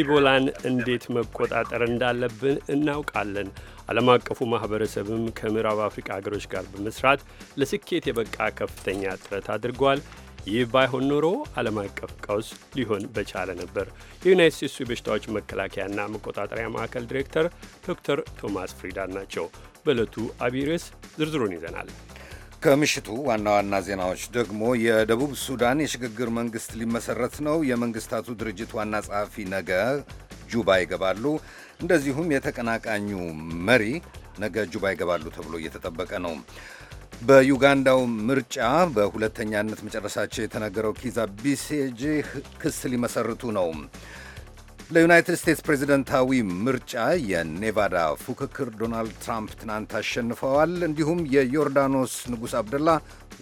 ኢቦላን እንዴት መቆጣጠር እንዳለብን እናውቃለን። ዓለም አቀፉ ማህበረሰብም ከምዕራብ አፍሪካ ሀገሮች ጋር በመስራት ለስኬት የበቃ ከፍተኛ ጥረት አድርጓል። ይህ ባይሆን ኖሮ ዓለም አቀፍ ቀውስ ሊሆን በቻለ ነበር። የዩናይት ስቴትሱ የበሽታዎች መከላከያና መቆጣጠሪያ ማዕከል ዲሬክተር ዶክተር ቶማስ ፍሪዳን ናቸው። በዕለቱ አቢይ ርዕስ ዝርዝሩን ይዘናል። ከምሽቱ ዋና ዋና ዜናዎች ደግሞ የደቡብ ሱዳን የሽግግር መንግስት ሊመሰረት ነው። የመንግስታቱ ድርጅት ዋና ጸሐፊ ነገ ጁባ ይገባሉ። እንደዚሁም የተቀናቃኙ መሪ ነገ ጁባ ይገባሉ ተብሎ እየተጠበቀ ነው። በዩጋንዳው ምርጫ በሁለተኛነት መጨረሳቸው የተነገረው ኪዛ ቢሴጂ ክስ ሊመሰርቱ ነው። ለዩናይትድ ስቴትስ ፕሬዚደንታዊ ምርጫ የኔቫዳ ፉክክር ዶናልድ ትራምፕ ትናንት አሸንፈዋል። እንዲሁም የዮርዳኖስ ንጉሥ አብደላ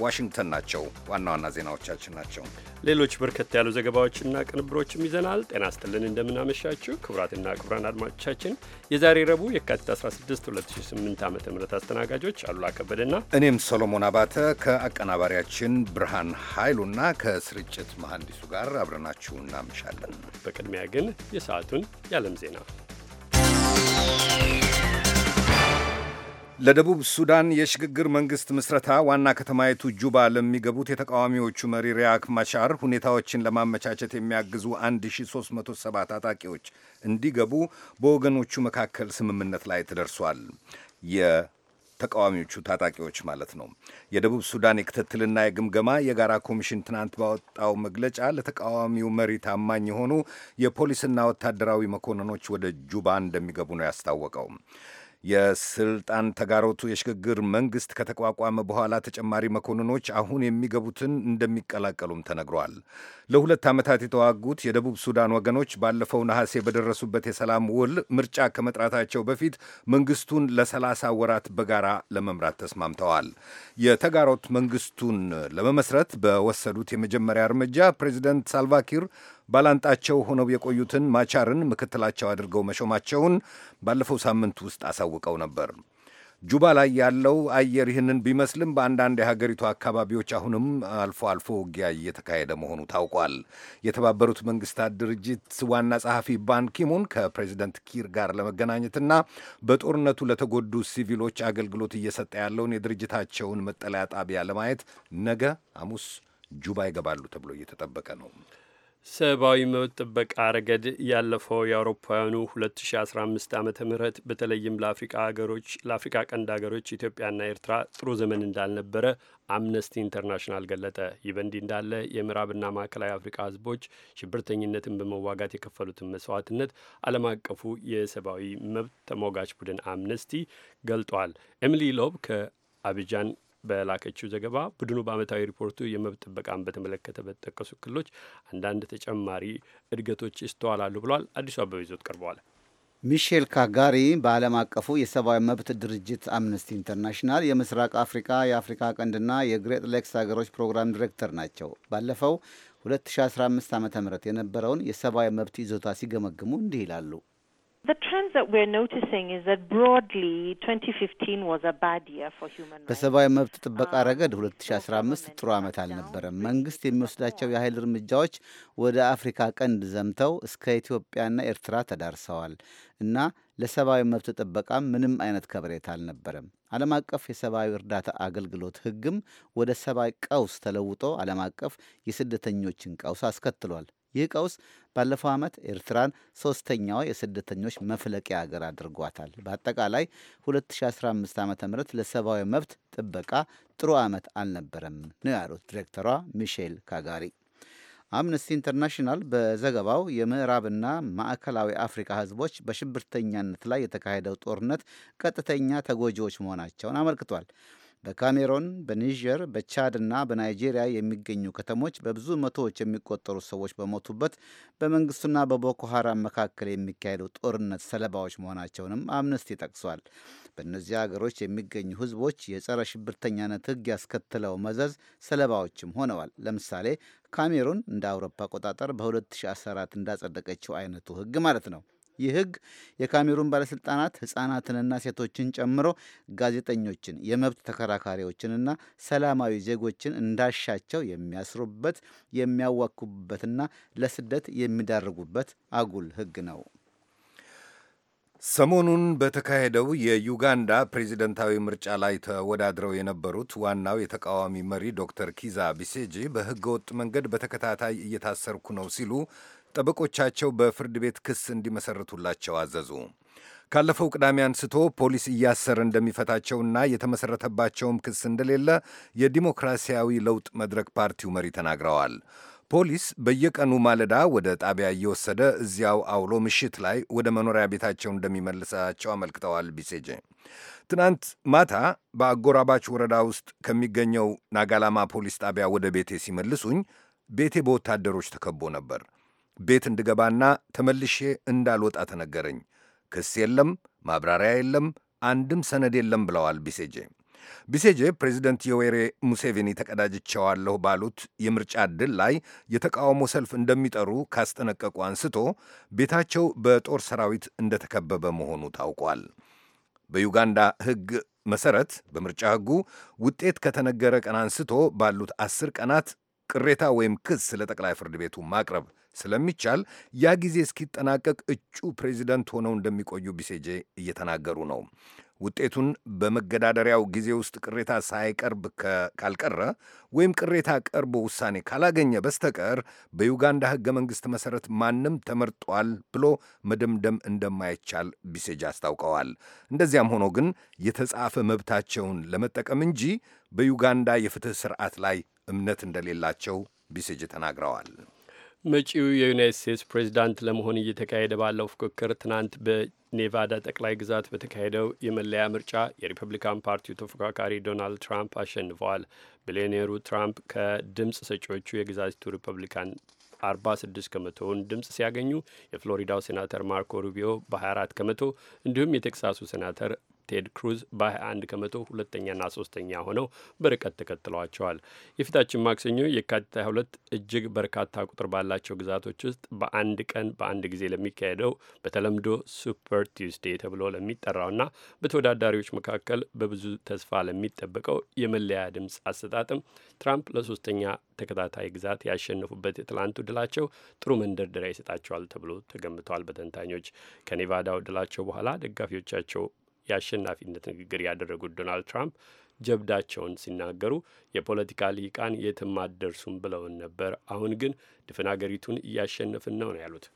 ዋሽንግተን ናቸው። ዋና ዋና ዜናዎቻችን ናቸው። ሌሎች በርከት ያሉ ዘገባዎችና ቅንብሮችም ይዘናል። ጤና ይስጥልን፣ እንደምናመሻችሁ ክቡራትና ክቡራን አድማጮቻችን የዛሬ ረቡዕ የካቲት 16 2008 ዓ ም አስተናጋጆች አሉላ ከበደና እኔም ሰሎሞን አባተ ከአቀናባሪያችን ብርሃን ኃይሉና ከስርጭት መሐንዲሱ ጋር አብረናችሁ እናመሻለን። በቅድሚያ ግን የሰዓቱን የዓለም ዜና ለደቡብ ሱዳን የሽግግር መንግስት ምስረታ ዋና ከተማይቱ ጁባ ለሚገቡት የተቃዋሚዎቹ መሪ ሪያክ ማሻር ሁኔታዎችን ለማመቻቸት የሚያግዙ 1307 ታጣቂዎች እንዲገቡ በወገኖቹ መካከል ስምምነት ላይ ተደርሷል። የተቃዋሚዎቹ ታጣቂዎች ማለት ነው። የደቡብ ሱዳን የክትትልና የግምገማ የጋራ ኮሚሽን ትናንት ባወጣው መግለጫ ለተቃዋሚው መሪ ታማኝ የሆኑ የፖሊስና ወታደራዊ መኮንኖች ወደ ጁባ እንደሚገቡ ነው ያስታወቀው። የስልጣን ተጋሮቱ የሽግግር መንግስት ከተቋቋመ በኋላ ተጨማሪ መኮንኖች አሁን የሚገቡትን እንደሚቀላቀሉም ተነግሯል። ለሁለት ዓመታት የተዋጉት የደቡብ ሱዳን ወገኖች ባለፈው ነሐሴ በደረሱበት የሰላም ውል ምርጫ ከመጥራታቸው በፊት መንግስቱን ለሰላሳ ወራት በጋራ ለመምራት ተስማምተዋል። የተጋሮት መንግስቱን ለመመስረት በወሰዱት የመጀመሪያ እርምጃ ፕሬዚደንት ሳልቫኪር ባላንጣቸው ሆነው የቆዩትን ማቻርን ምክትላቸው አድርገው መሾማቸውን ባለፈው ሳምንት ውስጥ አሳውቀው ነበር። ጁባ ላይ ያለው አየር ይህንን ቢመስልም በአንዳንድ የሀገሪቱ አካባቢዎች አሁንም አልፎ አልፎ ውጊያ እየተካሄደ መሆኑ ታውቋል። የተባበሩት መንግስታት ድርጅት ዋና ጸሐፊ ባንኪሙን ከፕሬዚደንት ኪር ጋር ለመገናኘትና በጦርነቱ ለተጎዱ ሲቪሎች አገልግሎት እየሰጠ ያለውን የድርጅታቸውን መጠለያ ጣቢያ ለማየት ነገ ሐሙስ ጁባ ይገባሉ ተብሎ እየተጠበቀ ነው። ሰብአዊ መብት ጥበቃ ረገድ ያለፈው የአውሮፓውያኑ 2015 ዓ ም በተለይም ለአፍሪቃ ሀገሮች ለአፍሪቃ ቀንድ ሀገሮች ኢትዮጵያና ኤርትራ ጥሩ ዘመን እንዳልነበረ አምነስቲ ኢንተርናሽናል ገለጠ። ይህ በእንዲህ እንዳለ የምዕራብና ማዕከላዊ አፍሪቃ ህዝቦች ሽብርተኝነትን በመዋጋት የከፈሉትን መስዋዕትነት ዓለም አቀፉ የሰብአዊ መብት ተሟጋች ቡድን አምነስቲ ገልጧል። ኤሚሊ ሎብ ከአቢጃን። በላከችው ዘገባ ቡድኑ በዓመታዊ ሪፖርቱ የመብት ጥበቃን በተመለከተ በተጠቀሱ ክልሎች አንዳንድ ተጨማሪ እድገቶች ይስተዋላሉ ብሏል። አዲሱ አበበ ይዞት ቀርበዋል። ሚሼል ካጋሪ በዓለም አቀፉ የሰብአዊ መብት ድርጅት አምነስቲ ኢንተርናሽናል የምስራቅ አፍሪካ የአፍሪካ ቀንድና የግሬት ሌክስ ሀገሮች ፕሮግራም ዲሬክተር ናቸው። ባለፈው 2015 ዓ ም የነበረውን የሰብአዊ መብት ይዞታ ሲገመግሙ እንዲህ ይላሉ። በሰብአዊ መብት ጥበቃ uh, ረገድ 2015 ጥሩ ዓመት አልነበረም። መንግስት የሚወስዳቸው የኃይል እርምጃዎች ወደ አፍሪካ ቀንድ ዘምተው እስከ ኢትዮጵያና ኤርትራ ተዳርሰዋል እና ለሰብአዊ መብት ጥበቃ ምንም አይነት ከበሬታ አልነበረም። ዓለም አቀፍ የሰብአዊ እርዳታ አገልግሎት ህግም ወደ ሰብአዊ ቀውስ ተለውጦ ዓለም አቀፍ የስደተኞችን ቀውስ አስከትሏል። ይህ ቀውስ ባለፈው ዓመት ኤርትራን ሶስተኛዋ የስደተኞች መፍለቂያ ሀገር አድርጓታል። በአጠቃላይ 2015 ዓ ም ለሰብአዊ መብት ጥበቃ ጥሩ ዓመት አልነበረም ነው ያሉት ዲሬክተሯ ሚሼል ካጋሪ። አምነስቲ ኢንተርናሽናል በዘገባው የምዕራብና ማዕከላዊ አፍሪካ ህዝቦች በሽብርተኛነት ላይ የተካሄደው ጦርነት ቀጥተኛ ተጎጂዎች መሆናቸውን አመልክቷል። በካሜሮን፣ በኒጀር፣ በቻድ እና በናይጄሪያ የሚገኙ ከተሞች በብዙ መቶዎች የሚቆጠሩ ሰዎች በሞቱበት በመንግስቱና በቦኮ ሀራም መካከል የሚካሄደው ጦርነት ሰለባዎች መሆናቸውንም አምነስቲ ጠቅሷል። በእነዚህ ሀገሮች የሚገኙ ህዝቦች የጸረ ሽብርተኛነት ህግ ያስከትለው መዘዝ ሰለባዎችም ሆነዋል። ለምሳሌ ካሜሩን እንደ አውሮፓ አቆጣጠር በ2014 እንዳጸደቀችው አይነቱ ህግ ማለት ነው። ይህ ህግ የካሜሩን ባለስልጣናት ሕጻናትንና ሴቶችን ጨምሮ ጋዜጠኞችን፣ የመብት ተከራካሪዎችንና ሰላማዊ ዜጎችን እንዳሻቸው የሚያስሩበት የሚያዋኩበትና ለስደት የሚዳርጉበት አጉል ህግ ነው። ሰሞኑን በተካሄደው የዩጋንዳ ፕሬዚደንታዊ ምርጫ ላይ ተወዳድረው የነበሩት ዋናው የተቃዋሚ መሪ ዶክተር ኪዛ ቢሴጂ በህገወጥ መንገድ በተከታታይ እየታሰርኩ ነው ሲሉ ጠበቆቻቸው በፍርድ ቤት ክስ እንዲመሰርቱላቸው አዘዙ። ካለፈው ቅዳሜ አንስቶ ፖሊስ እያሰረ እንደሚፈታቸውና የተመሰረተባቸውም ክስ እንደሌለ የዲሞክራሲያዊ ለውጥ መድረክ ፓርቲው መሪ ተናግረዋል። ፖሊስ በየቀኑ ማለዳ ወደ ጣቢያ እየወሰደ እዚያው አውሎ ምሽት ላይ ወደ መኖሪያ ቤታቸው እንደሚመልሳቸው አመልክተዋል። ቢሴጄ ትናንት ማታ በአጎራባች ወረዳ ውስጥ ከሚገኘው ናጋላማ ፖሊስ ጣቢያ ወደ ቤቴ ሲመልሱኝ ቤቴ በወታደሮች ተከቦ ነበር። ቤት እንድገባና ተመልሼ እንዳልወጣ ተነገረኝ። ክስ የለም፣ ማብራሪያ የለም፣ አንድም ሰነድ የለም ብለዋል ቢሴጄ። ቢሴጄ ፕሬዚደንት ዮዌሬ ሙሴቬኒ ተቀዳጅቸዋለሁ ባሉት የምርጫ ድል ላይ የተቃውሞ ሰልፍ እንደሚጠሩ ካስጠነቀቁ አንስቶ ቤታቸው በጦር ሰራዊት እንደተከበበ መሆኑ ታውቋል። በዩጋንዳ ሕግ መሰረት በምርጫ ሕጉ ውጤት ከተነገረ ቀን አንስቶ ባሉት አስር ቀናት ቅሬታ ወይም ክስ ለጠቅላይ ፍርድ ቤቱ ማቅረብ ስለሚቻል ያ ጊዜ እስኪጠናቀቅ እጩ ፕሬዚደንት ሆነው እንደሚቆዩ ቢሴጄ እየተናገሩ ነው። ውጤቱን በመገዳደሪያው ጊዜ ውስጥ ቅሬታ ሳይቀርብ ካልቀረ ወይም ቅሬታ ቀርቦ ውሳኔ ካላገኘ በስተቀር በዩጋንዳ ሕገ መንግሥት መሠረት ማንም ተመርጧል ብሎ መደምደም እንደማይቻል ቢሴጅ አስታውቀዋል። እንደዚያም ሆኖ ግን የተጻፈ መብታቸውን ለመጠቀም እንጂ በዩጋንዳ የፍትሕ ስርዓት ላይ እምነት እንደሌላቸው ቢስጅ ተናግረዋል። መጪው የዩናይት ስቴትስ ፕሬዚዳንት ለመሆን እየተካሄደ ባለው ፉክክር ትናንት በኔቫዳ ጠቅላይ ግዛት በተካሄደው የመለያ ምርጫ የሪፐብሊካን ፓርቲው ተፎካካሪ ዶናልድ ትራምፕ አሸንፈዋል። ቢሊዮኔሩ ትራምፕ ከድምፅ ሰጪዎቹ የግዛቲቱ ሪፐብሊካን 46 ከመቶውን ድምፅ ሲያገኙ የፍሎሪዳው ሴናተር ማርኮ ሩቢዮ በ24 ከመቶ እንዲሁም የቴክሳሱ ሴናተር ቴድ ክሩዝ በ21 ከመቶ ሁለተኛና ሶስተኛ ሆነው በርቀት ተከትለዋቸዋል። የፊታችን ማክሰኞ የካቲት 22 እጅግ በርካታ ቁጥር ባላቸው ግዛቶች ውስጥ በአንድ ቀን በአንድ ጊዜ ለሚካሄደው በተለምዶ ሱፐር ቲውስዴ ተብሎ ለሚጠራውና በተወዳዳሪዎች መካከል በብዙ ተስፋ ለሚጠበቀው የመለያ ድምፅ አሰጣጥም ትራምፕ ለሶስተኛ ተከታታይ ግዛት ያሸነፉበት የትላንቱ ድላቸው ጥሩ መንደርደሪያ ይሰጣቸዋል ተብሎ ተገምቷል። በተንታኞች ከኔቫዳው ድላቸው በኋላ ደጋፊዎቻቸው የአሸናፊነት ንግግር ያደረጉት ዶናልድ ትራምፕ ጀብዳቸውን ሲናገሩ የፖለቲካ ልሂቃን የትም አትደርሱም ብለውን ነበር፣ አሁን ግን ድፍን አገሪቱን እያሸነፍን ነው ነው ያሉት።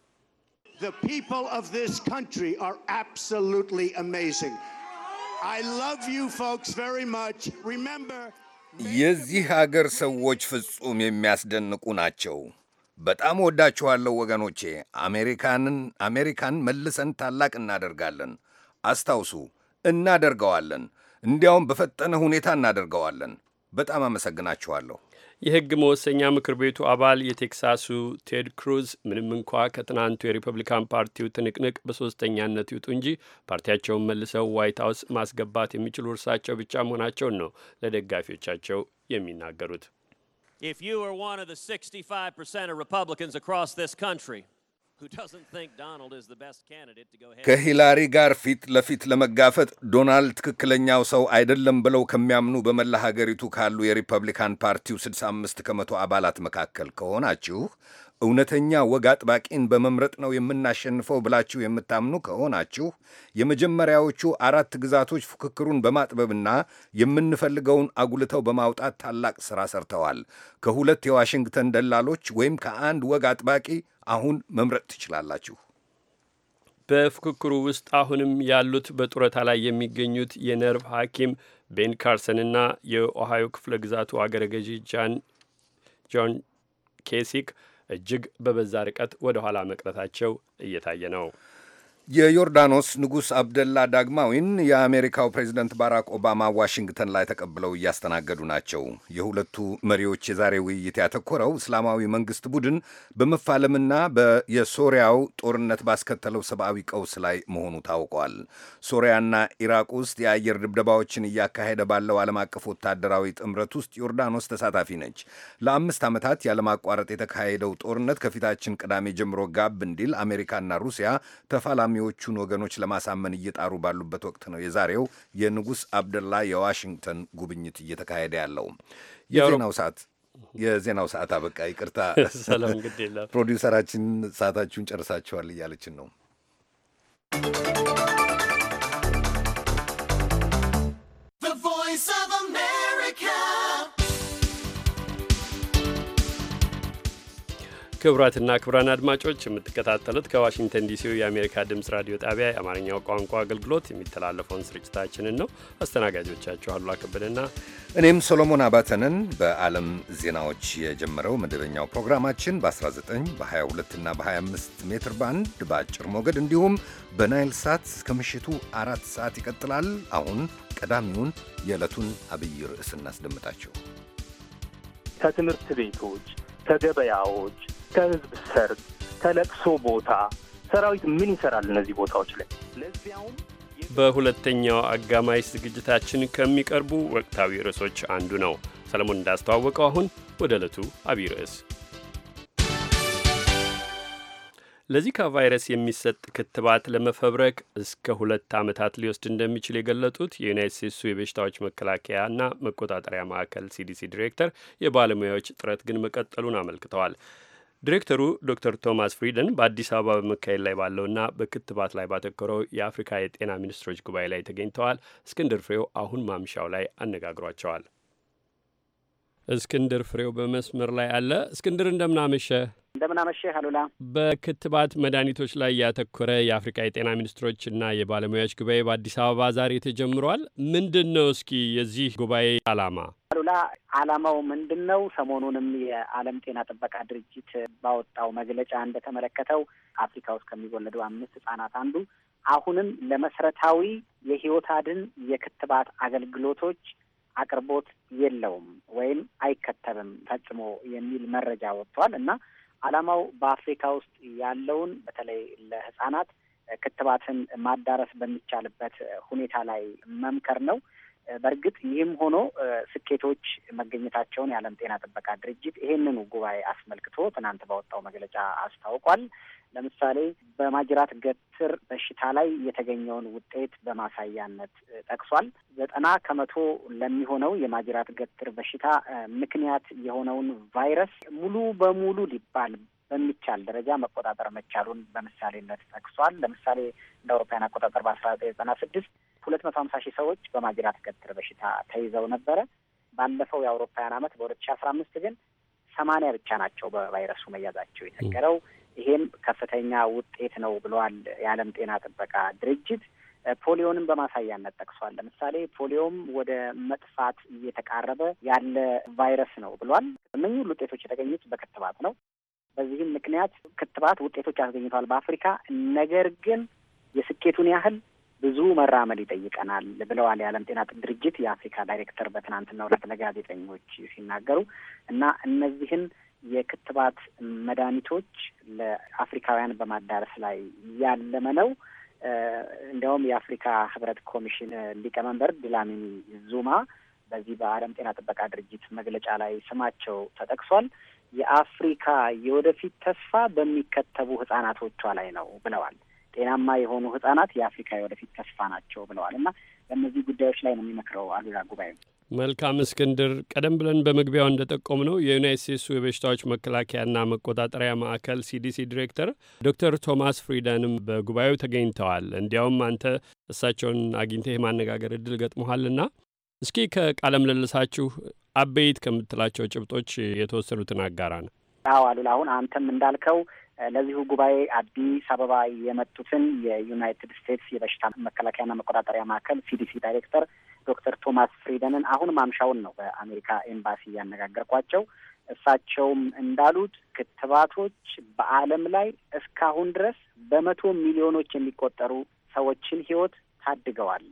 የዚህ አገር ሰዎች ፍጹም የሚያስደንቁ ናቸው። በጣም ወዳችኋለሁ ወገኖቼ። አሜሪካንን አሜሪካን መልሰን ታላቅ እናደርጋለን። አስታውሱ። እናደርገዋለን። እንዲያውም በፈጠነ ሁኔታ እናደርገዋለን። በጣም አመሰግናችኋለሁ። የሕግ መወሰኛ ምክር ቤቱ አባል የቴክሳሱ ቴድ ክሩዝ ምንም እንኳ ከትናንቱ የሪፐብሊካን ፓርቲው ትንቅንቅ በሶስተኛነት ይውጡ እንጂ ፓርቲያቸውን መልሰው ዋይት ሀውስ ማስገባት የሚችሉ እርሳቸው ብቻ መሆናቸውን ነው ለደጋፊዎቻቸው የሚናገሩት። If you are one of the 65% of Republicans across this country ከሂላሪ ጋር ፊት ለፊት ለመጋፈጥ ዶናልድ ትክክለኛው ሰው አይደለም ብለው ከሚያምኑ በመላ ሀገሪቱ ካሉ የሪፐብሊካን ፓርቲው 65 ከመቶ አባላት መካከል ከሆናችሁ እውነተኛ ወግ አጥባቂን በመምረጥ ነው የምናሸንፈው ብላችሁ የምታምኑ ከሆናችሁ የመጀመሪያዎቹ አራት ግዛቶች ፉክክሩን በማጥበብና የምንፈልገውን አጉልተው በማውጣት ታላቅ ሥራ ሰርተዋል። ከሁለት የዋሽንግተን ደላሎች ወይም ከአንድ ወግ አጥባቂ አሁን መምረጥ ትችላላችሁ። በፉክክሩ ውስጥ አሁንም ያሉት በጡረታ ላይ የሚገኙት የነርቭ ሐኪም ቤን ካርሰንና የኦሃዮ ክፍለ ግዛቱ አገረ ገዢ ጃን ጆን ኬሲክ እጅግ በበዛ ርቀት ወደ ኋላ መቅረታቸው እየታየ ነው። የዮርዳኖስ ንጉሥ አብደላ ዳግማዊን የአሜሪካው ፕሬዚደንት ባራክ ኦባማ ዋሽንግተን ላይ ተቀብለው እያስተናገዱ ናቸው። የሁለቱ መሪዎች የዛሬ ውይይት ያተኮረው እስላማዊ መንግሥት ቡድን በመፋለምና የሶሪያው ጦርነት ባስከተለው ሰብአዊ ቀውስ ላይ መሆኑ ታውቋል። ሶሪያና ኢራቅ ውስጥ የአየር ድብደባዎችን እያካሄደ ባለው ዓለም አቀፍ ወታደራዊ ጥምረት ውስጥ ዮርዳኖስ ተሳታፊ ነች። ለአምስት ዓመታት ያለማቋረጥ የተካሄደው ጦርነት ከፊታችን ቅዳሜ ጀምሮ ጋብ እንዲል አሜሪካና ሩሲያ ተፋላሚ ተቃዋሚዎቹን ወገኖች ለማሳመን እየጣሩ ባሉበት ወቅት ነው የዛሬው የንጉሥ አብደላ የዋሽንግተን ጉብኝት እየተካሄደ ያለው። የዜናው ሰዓት የዜናው ሰዓት አበቃ። ይቅርታ ሰላም፣ ግድ የለም ፕሮዲውሰራችን ሰዓታችሁን ጨርሳችኋል እያለችን ነው። ክቡራትና ክቡራን አድማጮች የምትከታተሉት ከዋሽንግተን ዲሲው የአሜሪካ ድምፅ ራዲዮ ጣቢያ የአማርኛው ቋንቋ አገልግሎት የሚተላለፈውን ስርጭታችንን ነው። አስተናጋጆቻችሁ አሉላ ከበደና እኔም ሶሎሞን አባተንን። በዓለም ዜናዎች የጀመረው መደበኛው ፕሮግራማችን በ19 በ22 እና በ25 ሜትር ባንድ በአጭር ሞገድ እንዲሁም በናይል ሳት እስከ ምሽቱ አራት ሰዓት ይቀጥላል። አሁን ቀዳሚውን የዕለቱን አብይ ርዕስ እናስደምጣቸው። ከትምህርት ቤቶች ከገበያዎች ከህዝብ ሰርግ፣ ከለቅሶ ቦታ ሰራዊት ምን ይሰራል እነዚህ ቦታዎች ላይ? ለዚያውም በሁለተኛው አጋማሽ ዝግጅታችን ከሚቀርቡ ወቅታዊ ርዕሶች አንዱ ነው። ሰለሞን እንዳስተዋወቀው አሁን ወደ ዕለቱ አብይ ርዕስ ለዚካ ቫይረስ የሚሰጥ ክትባት ለመፈብረክ እስከ ሁለት ዓመታት ሊወስድ እንደሚችል የገለጡት የዩናይት ስቴትሱ የበሽታዎች መከላከያና መቆጣጠሪያ ማዕከል ሲዲሲ ዲሬክተር የባለሙያዎች ጥረት ግን መቀጠሉን አመልክተዋል። ዲሬክተሩ ዶክተር ቶማስ ፍሪደን በአዲስ አበባ በመካሄድ ላይ ባለውና በክትባት ላይ ባተኮረው የአፍሪካ የጤና ሚኒስትሮች ጉባኤ ላይ ተገኝተዋል። እስክንድር ፍሬው አሁን ማምሻው ላይ አነጋግሯቸዋል። እስክንድር ፍሬው በመስመር ላይ አለ። እስክንድር እንደምናመሸ እንደምናመሸ አሉላ። በክትባት መድኃኒቶች ላይ ያተኮረ የአፍሪካ የጤና ሚኒስትሮች እና የባለሙያዎች ጉባኤ በአዲስ አበባ ዛሬ ተጀምሯል። ምንድን ነው እስኪ የዚህ ጉባኤ ዓላማ? አሉላ አላማው ምንድን ነው? ሰሞኑንም የዓለም ጤና ጥበቃ ድርጅት ባወጣው መግለጫ እንደተመለከተው አፍሪካ ውስጥ ከሚወለዱ አምስት ህጻናት አንዱ አሁንም ለመሰረታዊ የህይወት አድን የክትባት አገልግሎቶች አቅርቦት የለውም ወይም አይከተብም ፈጽሞ የሚል መረጃ ወጥቷል እና አላማው በአፍሪካ ውስጥ ያለውን በተለይ ለህጻናት ክትባትን ማዳረስ በሚቻልበት ሁኔታ ላይ መምከር ነው። በእርግጥ ይህም ሆኖ ስኬቶች መገኘታቸውን የዓለም ጤና ጥበቃ ድርጅት ይህንኑ ጉባኤ አስመልክቶ ትናንት ባወጣው መግለጫ አስታውቋል። ለምሳሌ በማጅራት ገትር በሽታ ላይ የተገኘውን ውጤት በማሳያነት ጠቅሷል። ዘጠና ከመቶ ለሚሆነው የማጅራት ገትር በሽታ ምክንያት የሆነውን ቫይረስ ሙሉ በሙሉ ሊባል በሚቻል ደረጃ መቆጣጠር መቻሉን በምሳሌነት ጠቅሷል። ለምሳሌ እንደ አውሮፓውያን አቆጣጠር በአስራ ዘጠኝ ዘጠና ስድስት ሁለት መቶ ሀምሳ ሺህ ሰዎች በማጅራት ገትር በሽታ ተይዘው ነበረ። ባለፈው የአውሮፓውያን አመት በሁለት ሺ አስራ አምስት ግን ሰማንያ ብቻ ናቸው በቫይረሱ መያዛቸው የተነገረው። ይሄም ከፍተኛ ውጤት ነው ብለዋል የዓለም ጤና ጥበቃ ድርጅት። ፖሊዮንም በማሳያነት ጠቅሷል። ለምሳሌ ፖሊዮም ወደ መጥፋት እየተቃረበ ያለ ቫይረስ ነው ብሏል። እነኚህ ሁሉ ውጤቶች የተገኙት በክትባት ነው። በዚህም ምክንያት ክትባት ውጤቶች አስገኝተዋል በአፍሪካ ነገር ግን የስኬቱን ያህል ብዙ መራመድ ይጠይቀናል ብለዋል የዓለም ጤና ድርጅት የአፍሪካ ዳይሬክተር በትናንትናው ዕለት ለጋዜጠኞች ሲናገሩ እና እነዚህን የክትባት መድኃኒቶች ለአፍሪካውያን በማዳረስ ላይ ያለመ ነው። እንዲያውም የአፍሪካ ህብረት ኮሚሽን ሊቀመንበር ድላሚኒ ዙማ በዚህ በዓለም ጤና ጥበቃ ድርጅት መግለጫ ላይ ስማቸው ተጠቅሷል። የአፍሪካ የወደፊት ተስፋ በሚከተቡ ህጻናቶቿ ላይ ነው ብለዋል። ጤናማ የሆኑ ህጻናት የአፍሪካ የወደፊት ተስፋ ናቸው ብለዋል እና በእነዚህ ጉዳዮች ላይ ነው የሚመክረው አሉላ ጉባኤ። መልካም እስክንድር፣ ቀደም ብለን በመግቢያው እንደጠቆም ነው የዩናይት ስቴትሱ የበሽታዎች መከላከያና መቆጣጠሪያ ማዕከል ሲዲሲ ዲሬክተር ዶክተር ቶማስ ፍሪደንም በጉባኤው ተገኝተዋል። እንዲያውም አንተ እሳቸውን አግኝተህ የማነጋገር እድል ገጥሞሃልና እስኪ ከቃለ ምልልሳችሁ አበይት ከምትላቸው ጭብጦች የተወሰኑትን አጋራ ነው። አዎ አሉላ፣ አሁን አንተም እንዳልከው ለዚሁ ጉባኤ አዲስ አበባ የመጡትን የዩናይትድ ስቴትስ የበሽታ መከላከያና መቆጣጠሪያ ማዕከል ሲዲሲ ዳይሬክተር ዶክተር ቶማስ ፍሪደንን አሁን ማምሻውን ነው በአሜሪካ ኤምባሲ ያነጋገርኳቸው። እሳቸውም እንዳሉት ክትባቶች በዓለም ላይ እስካሁን ድረስ በመቶ ሚሊዮኖች የሚቆጠሩ ሰዎችን ሕይወት ታድገዋል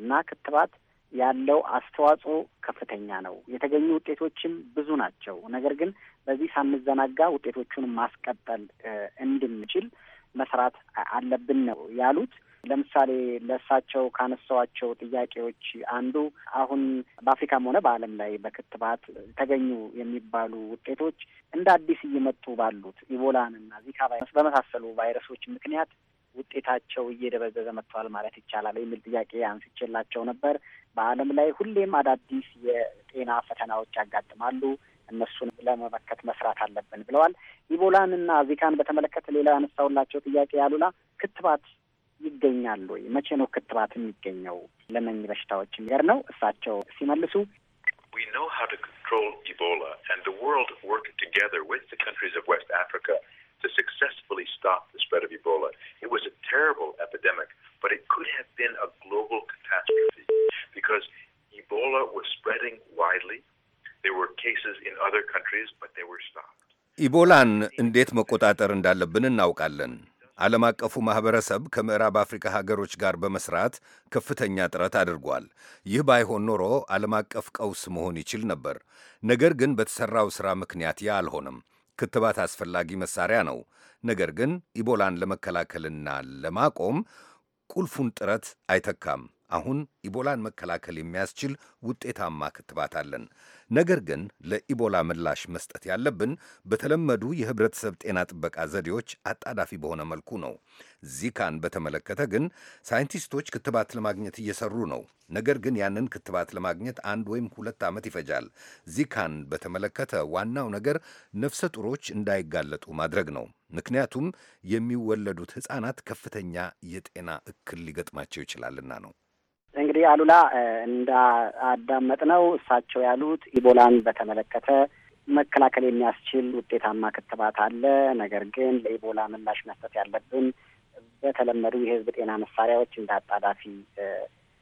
እና ክትባት ያለው አስተዋጽኦ ከፍተኛ ነው። የተገኙ ውጤቶችም ብዙ ናቸው። ነገር ግን በዚህ ሳንዘናጋ ውጤቶቹን ማስቀጠል እንድንችል መስራት አለብን ነው ያሉት። ለምሳሌ ለእሳቸው ካነሳዋቸው ጥያቄዎች አንዱ አሁን በአፍሪካም ሆነ በዓለም ላይ በክትባት ተገኙ የሚባሉ ውጤቶች እንደ አዲስ እየመጡ ባሉት ኢቦላን እና ዚካ ቫይረስ በመሳሰሉ ቫይረሶች ምክንያት ውጤታቸው እየደበዘዘ መጥተዋል ማለት ይቻላል የሚል ጥያቄ አንስቼላቸው ነበር። በዓለም ላይ ሁሌም አዳዲስ የጤና ፈተናዎች ያጋጥማሉ። እነሱን ለመመከት መስራት አለብን ብለዋል። ኢቦላን እና ዚካን በተመለከተ ሌላ ያነሳውላቸው ጥያቄ ያሉላ ክትባት ይገኛሉ ወይ? መቼ ነው ክትባት የሚገኘው ለነኝ በሽታዎች የሚገር ነው። እሳቸው ሲመልሱ We know how to control Ebola and the world worked together with the countries of West Africa to successfully stop the spread of Ebola. It was a terrible epidemic, but it could have been a global catastrophe because Ebola was spreading widely ኢቦላን እንዴት መቆጣጠር እንዳለብን እናውቃለን። ዓለም አቀፉ ማኅበረሰብ ከምዕራብ አፍሪካ ሀገሮች ጋር በመሥራት ከፍተኛ ጥረት አድርጓል። ይህ ባይሆን ኖሮ ዓለም አቀፍ ቀውስ መሆን ይችል ነበር። ነገር ግን በተሠራው ሥራ ምክንያት ያ አልሆነም። ክትባት አስፈላጊ መሣሪያ ነው። ነገር ግን ኢቦላን ለመከላከልና ለማቆም ቁልፉን ጥረት አይተካም። አሁን ኢቦላን መከላከል የሚያስችል ውጤታማ ክትባት አለን። ነገር ግን ለኢቦላ ምላሽ መስጠት ያለብን በተለመዱ የህብረተሰብ ጤና ጥበቃ ዘዴዎች አጣዳፊ በሆነ መልኩ ነው። ዚካን በተመለከተ ግን ሳይንቲስቶች ክትባት ለማግኘት እየሰሩ ነው። ነገር ግን ያንን ክትባት ለማግኘት አንድ ወይም ሁለት ዓመት ይፈጃል። ዚካን በተመለከተ ዋናው ነገር ነፍሰ ጡሮች እንዳይጋለጡ ማድረግ ነው። ምክንያቱም የሚወለዱት ሕፃናት ከፍተኛ የጤና እክል ሊገጥማቸው ይችላልና ነው። እንግዲህ አሉላ ነው እሳቸው ያሉት ኢቦላን በተመለከተ መከላከል የሚያስችል ውጤታማ ክትባት አለ። ነገር ግን ለኢቦላ ምላሽ መስጠት ያለብን በተለመዱ የህዝብ ጤና መሳሪያዎች እንደ አጣዳፊ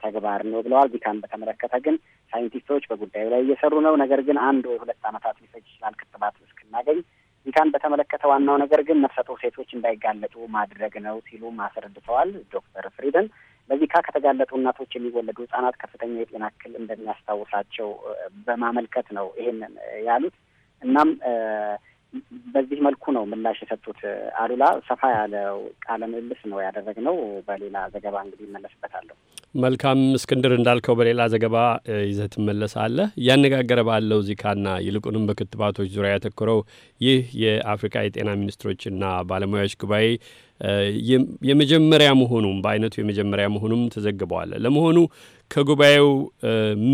ተግባር ነው ብለዋል። ዚካን በተመለከተ ግን ሳይንቲስቶች በጉዳዩ ላይ እየሰሩ ነው። ነገር ግን አንድ ወይ ሁለት ዓመታት ሊፈጅ ይችላል ክትባት እስክናገኝ። ዚካን በተመለከተ ዋናው ነገር ግን ነፍሰጡር ሴቶች እንዳይጋለጡ ማድረግ ነው ሲሉ አስረድተዋል ዶክተር ፍሪደን በዚካ ከተጋለጡ እናቶች የሚወለዱ ህጻናት ከፍተኛ የጤና እክል እንደሚያስታውሳቸው በማመልከት ነው ይሄንን ያሉት። እናም በዚህ መልኩ ነው ምላሽ የሰጡት። አሉላ ሰፋ ያለው ቃለ ምልልስ ነው ያደረግነው። በሌላ ዘገባ እንግዲህ እመለስበታለሁ። መልካም እስክንድር፣ እንዳልከው በሌላ ዘገባ ይዘህ ትመለሳለህ። እያነጋገረ ባለው ዚካና ይልቁንም በክትባቶች ዙሪያ ያተኮረው ይህ የአፍሪካ የጤና ሚኒስትሮችና ባለሙያዎች ጉባኤ የመጀመሪያ መሆኑም በአይነቱ የመጀመሪያ መሆኑም ተዘግበዋል። ለመሆኑ ከጉባኤው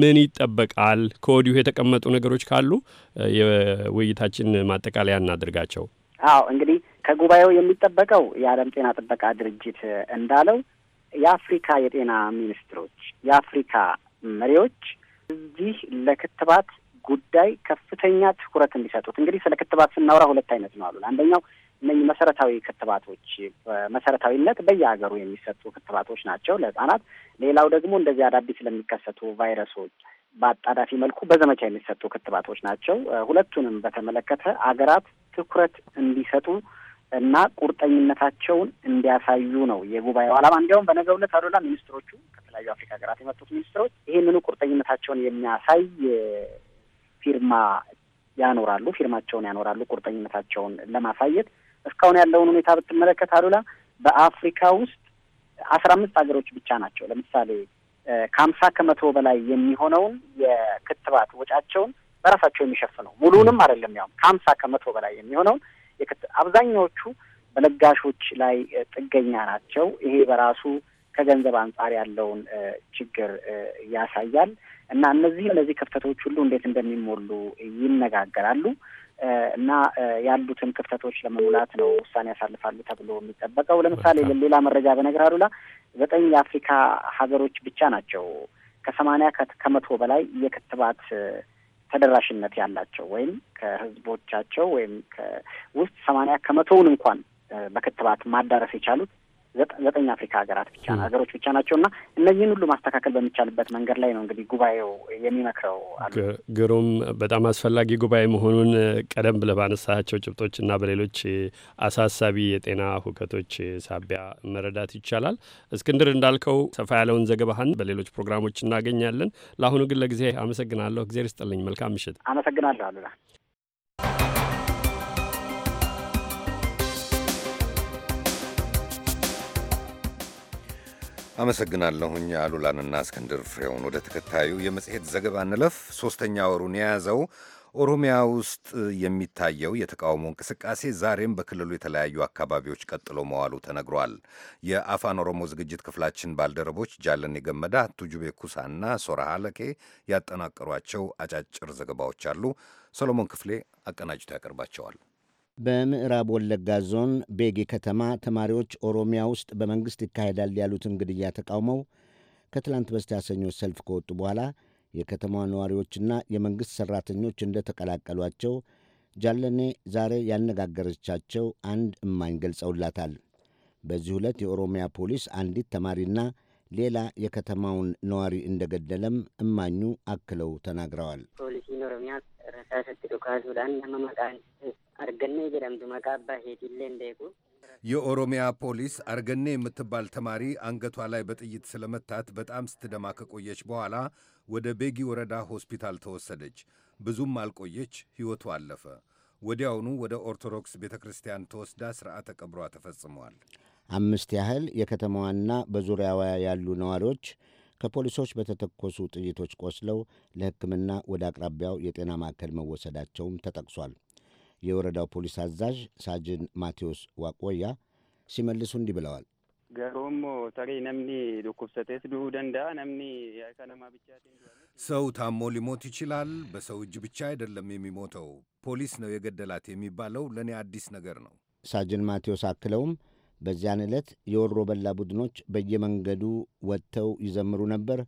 ምን ይጠበቃል? ከወዲሁ የተቀመጡ ነገሮች ካሉ የውይይታችን ማጠቃለያ እናድርጋቸው። አዎ እንግዲህ ከጉባኤው የሚጠበቀው የዓለም ጤና ጥበቃ ድርጅት እንዳለው የአፍሪካ የጤና ሚኒስትሮች፣ የአፍሪካ መሪዎች እዚህ ለክትባት ጉዳይ ከፍተኛ ትኩረት እንዲሰጡት እንግዲህ ስለ ክትባት ስናወራ ሁለት አይነት ነው አሉ። አንደኛው እነዚህ መሰረታዊ ክትባቶች በመሰረታዊነት በየሀገሩ የሚሰጡ ክትባቶች ናቸው ለህጻናት። ሌላው ደግሞ እንደዚህ አዳዲስ ለሚከሰቱ ቫይረሶች በአጣዳፊ መልኩ በዘመቻ የሚሰጡ ክትባቶች ናቸው። ሁለቱንም በተመለከተ አገራት ትኩረት እንዲሰጡ እና ቁርጠኝነታቸውን እንዲያሳዩ ነው የጉባኤው ዓላማ። እንዲያውም በነገው ዕለት አሉላ ሚኒስትሮቹ ከተለያዩ አፍሪካ ሀገራት የመጡት ሚኒስትሮች ይህንኑ ቁርጠኝነታቸውን የሚያሳይ ፊርማ ያኖራሉ፣ ፊርማቸውን ያኖራሉ ቁርጠኝነታቸውን ለማሳየት። እስካሁን ያለውን ሁኔታ ብትመለከት አሉላ በአፍሪካ ውስጥ አስራ አምስት ሀገሮች ብቻ ናቸው ለምሳሌ ከአምሳ ከመቶ በላይ የሚሆነውን የክትባት ወጫቸውን በራሳቸው የሚሸፍነው ሙሉውንም አይደለም ያውም ከአምሳ ከመቶ በላይ የሚሆነውን አብዛኛዎቹ በለጋሾች ላይ ጥገኛ ናቸው። ይሄ በራሱ ከገንዘብ አንጻር ያለውን ችግር ያሳያል እና እነዚህ እነዚህ ክፍተቶች ሁሉ እንዴት እንደሚሞሉ ይነጋገራሉ እና ያሉትን ክፍተቶች ለመሙላት ነው ውሳኔ ያሳልፋሉ ተብሎ የሚጠበቀው። ለምሳሌ ሌላ መረጃ በነገር አሉላ ዘጠኝ የአፍሪካ ሀገሮች ብቻ ናቸው ከሰማንያ ከመቶ በላይ የክትባት ተደራሽነት ያላቸው ወይም ከህዝቦቻቸው ወይም ውስጥ ሰማንያ ከመቶውን እንኳን በክትባት ማዳረስ የቻሉት ዘጠኝ አፍሪካ ሀገራት ብቻ ሀገሮች ብቻ ናቸው እና እነዚህን ሁሉ ማስተካከል በሚቻልበት መንገድ ላይ ነው እንግዲህ ጉባኤው የሚመክረው። ግሩም በጣም አስፈላጊ ጉባኤ መሆኑን ቀደም ብለህ ባነሳቸው ጭብጦች እና በሌሎች አሳሳቢ የጤና ሁከቶች ሳቢያ መረዳት ይቻላል። እስክንድር እንዳልከው ሰፋ ያለውን ዘገባህን በሌሎች ፕሮግራሞች እናገኛለን። ለአሁኑ ግን ለጊዜ አመሰግናለሁ። እግዜር ይስጥልኝ። መልካም ምሽት። አመሰግናለሁ አሉላ። አመሰግናለሁኝ አሉላንና እስክንድር ፍሬውን። ወደ ተከታዩ የመጽሔት ዘገባ እንለፍ። ሦስተኛ ወሩን የያዘው ኦሮሚያ ውስጥ የሚታየው የተቃውሞ እንቅስቃሴ ዛሬም በክልሉ የተለያዩ አካባቢዎች ቀጥሎ መዋሉ ተነግሯል። የአፋን ኦሮሞ ዝግጅት ክፍላችን ባልደረቦች ጃለን ገመዳ፣ ቱጁቤ ኩሳና ሶራ ሀለኬ ያጠናቀሯቸው አጫጭር ዘገባዎች አሉ። ሰሎሞን ክፍሌ አቀናጅቶ ያቀርባቸዋል። በምዕራብ ወለጋ ዞን ቤጌ ከተማ ተማሪዎች ኦሮሚያ ውስጥ በመንግሥት ይካሄዳል ያሉትን ግድያ ተቃውመው ከትላንት በስቲያ ሰኞ ሰልፍ ከወጡ በኋላ የከተማዋ ነዋሪዎችና የመንግሥት ሠራተኞች እንደተቀላቀሏቸው ጃለኔ ዛሬ ያነጋገረቻቸው አንድ እማኝ ገልጸውላታል። በዚህ ዕለት የኦሮሚያ ፖሊስ አንዲት ተማሪና ሌላ የከተማውን ነዋሪ እንደገደለም እማኙ አክለው ተናግረዋል። አርገኔ ጀደምቱ መቃባ ሄቲሌን ደቁ የኦሮሚያ ፖሊስ አርገኔ የምትባል ተማሪ አንገቷ ላይ በጥይት ስለመታት በጣም ስትደማ ከቆየች በኋላ ወደ ቤጊ ወረዳ ሆስፒታል ተወሰደች። ብዙም አልቆየች፣ ሕይወቱ አለፈ። ወዲያውኑ ወደ ኦርቶዶክስ ቤተ ክርስቲያን ተወስዳ ሥርዓተ ቀብሯ ተፈጽመዋል። አምስት ያህል የከተማዋና በዙሪያዋ ያሉ ነዋሪዎች ከፖሊሶች በተተኮሱ ጥይቶች ቆስለው ለሕክምና ወደ አቅራቢያው የጤና ማዕከል መወሰዳቸውም ተጠቅሷል። የወረዳው ፖሊስ አዛዥ ሳጅን ማቴዎስ ዋቆያ ሲመልሱ እንዲህ ብለዋል። ገሮሞ ተሬ ነምኒ ዶኮብሰቴስ ዱ ደንዳ ነምኒ ከነማ ብቻ ሰው ታሞ ሊሞት ይችላል። በሰው እጅ ብቻ አይደለም የሚሞተው። ፖሊስ ነው የገደላት የሚባለው ለእኔ አዲስ ነገር ነው። ሳጅን ማቴዎስ አክለውም በዚያን ዕለት የወሮ በላ ቡድኖች በየመንገዱ ወጥተው ይዘምሩ ነበር።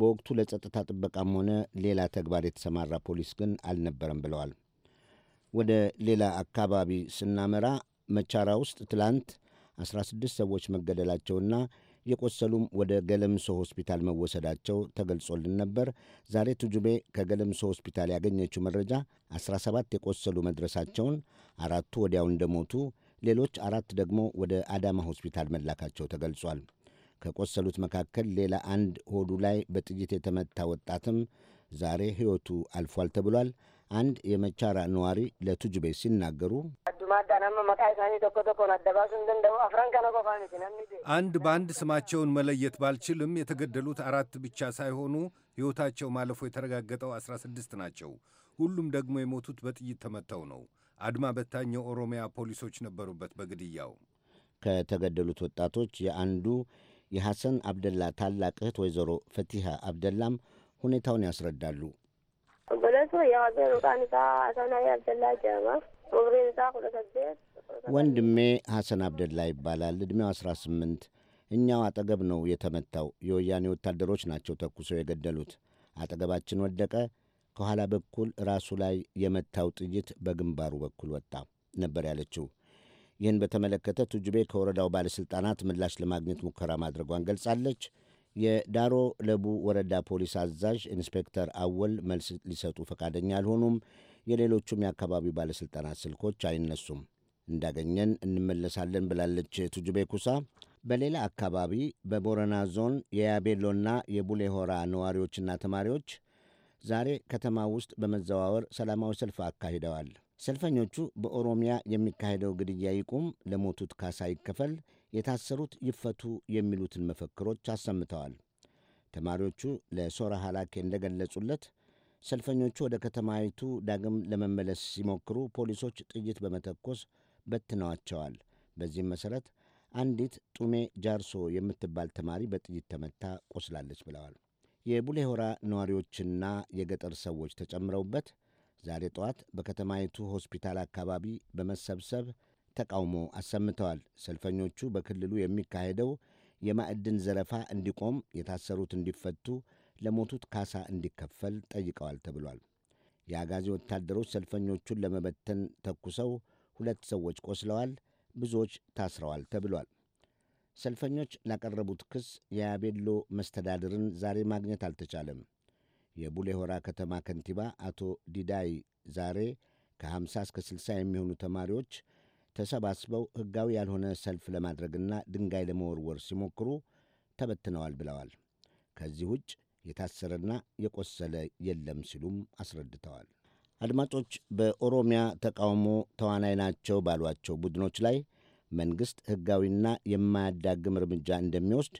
በወቅቱ ለጸጥታ ጥበቃም ሆነ ሌላ ተግባር የተሰማራ ፖሊስ ግን አልነበረም ብለዋል። ወደ ሌላ አካባቢ ስናመራ መቻራ ውስጥ ትላንት 16 ሰዎች መገደላቸውና የቆሰሉም ወደ ገለምሶ ሆስፒታል መወሰዳቸው ተገልጾልን ነበር። ዛሬ ቱጁቤ ከገለምሶ ሆስፒታል ያገኘችው መረጃ 17 የቆሰሉ መድረሳቸውን፣ አራቱ ወዲያው እንደሞቱ፣ ሌሎች አራት ደግሞ ወደ አዳማ ሆስፒታል መላካቸው ተገልጿል። ከቆሰሉት መካከል ሌላ አንድ ሆዱ ላይ በጥይት የተመታ ወጣትም ዛሬ ሕይወቱ አልፏል ተብሏል። አንድ የመቻራ ነዋሪ ለቱጅቤ ሲናገሩ አንድ በአንድ ስማቸውን መለየት ባልችልም የተገደሉት አራት ብቻ ሳይሆኑ ሕይወታቸው ማለፉ የተረጋገጠው አስራ ስድስት ናቸው። ሁሉም ደግሞ የሞቱት በጥይት ተመተው ነው። አድማ በታኝ የኦሮሚያ ፖሊሶች ነበሩበት በግድያው። ከተገደሉት ወጣቶች የአንዱ የሐሰን አብደላ ታላቅ እህት ወይዘሮ ፈቲሃ አብደላም ሁኔታውን ያስረዳሉ። ወንድሜ ሀሰን አብደላ ይባላል። እድሜው አስራ ስምንት እኛው አጠገብ ነው የተመታው። የወያኔ ወታደሮች ናቸው ተኩሰው የገደሉት። አጠገባችን ወደቀ። ከኋላ በኩል ራሱ ላይ የመታው ጥይት በግንባሩ በኩል ወጣ ነበር ያለችው። ይህን በተመለከተ ቱጁቤ ከወረዳው ባለሥልጣናት ምላሽ ለማግኘት ሙከራ ማድረጓን ገልጻለች። የዳሮ ለቡ ወረዳ ፖሊስ አዛዥ ኢንስፔክተር አወል መልስ ሊሰጡ ፈቃደኛ አልሆኑም። የሌሎቹም የአካባቢው ባለሥልጣናት ስልኮች አይነሱም። እንዳገኘን እንመለሳለን ብላለች ቱጁቤ ኩሳ። በሌላ አካባቢ በቦረና ዞን የያቤሎና የቡሌሆራ ነዋሪዎችና ተማሪዎች ዛሬ ከተማ ውስጥ በመዘዋወር ሰላማዊ ሰልፍ አካሂደዋል። ሰልፈኞቹ በኦሮሚያ የሚካሄደው ግድያ ይቁም፣ ለሞቱት ካሳ ይከፈል የታሰሩት ይፈቱ የሚሉትን መፈክሮች አሰምተዋል። ተማሪዎቹ ለሶራ ሀላኬ እንደገለጹለት ሰልፈኞቹ ወደ ከተማይቱ ዳግም ለመመለስ ሲሞክሩ ፖሊሶች ጥይት በመተኮስ በትነዋቸዋል። በዚህም መሠረት አንዲት ጡሜ ጃርሶ የምትባል ተማሪ በጥይት ተመታ ቆስላለች ብለዋል። የቡሌሆራ ነዋሪዎችና የገጠር ሰዎች ተጨምረውበት ዛሬ ጠዋት በከተማይቱ ሆስፒታል አካባቢ በመሰብሰብ ተቃውሞ አሰምተዋል። ሰልፈኞቹ በክልሉ የሚካሄደው የማዕድን ዘረፋ እንዲቆም፣ የታሰሩት እንዲፈቱ፣ ለሞቱት ካሳ እንዲከፈል ጠይቀዋል ተብሏል። የአጋዚ ወታደሮች ሰልፈኞቹን ለመበተን ተኩሰው ሁለት ሰዎች ቆስለዋል፣ ብዙዎች ታስረዋል ተብሏል። ሰልፈኞች ላቀረቡት ክስ የያቤሎ መስተዳድርን ዛሬ ማግኘት አልተቻለም። የቡሌሆራ ከተማ ከንቲባ አቶ ዲዳይ ዛሬ ከ50 እስከ 60 የሚሆኑ ተማሪዎች ተሰባስበው ሕጋዊ ያልሆነ ሰልፍ ለማድረግና ድንጋይ ለመወርወር ሲሞክሩ ተበትነዋል ብለዋል። ከዚህ ውጭ የታሰረና የቆሰለ የለም ሲሉም አስረድተዋል። አድማጮች፣ በኦሮሚያ ተቃውሞ ተዋናይ ናቸው ባሏቸው ቡድኖች ላይ መንግሥት ሕጋዊና የማያዳግም እርምጃ እንደሚወስድ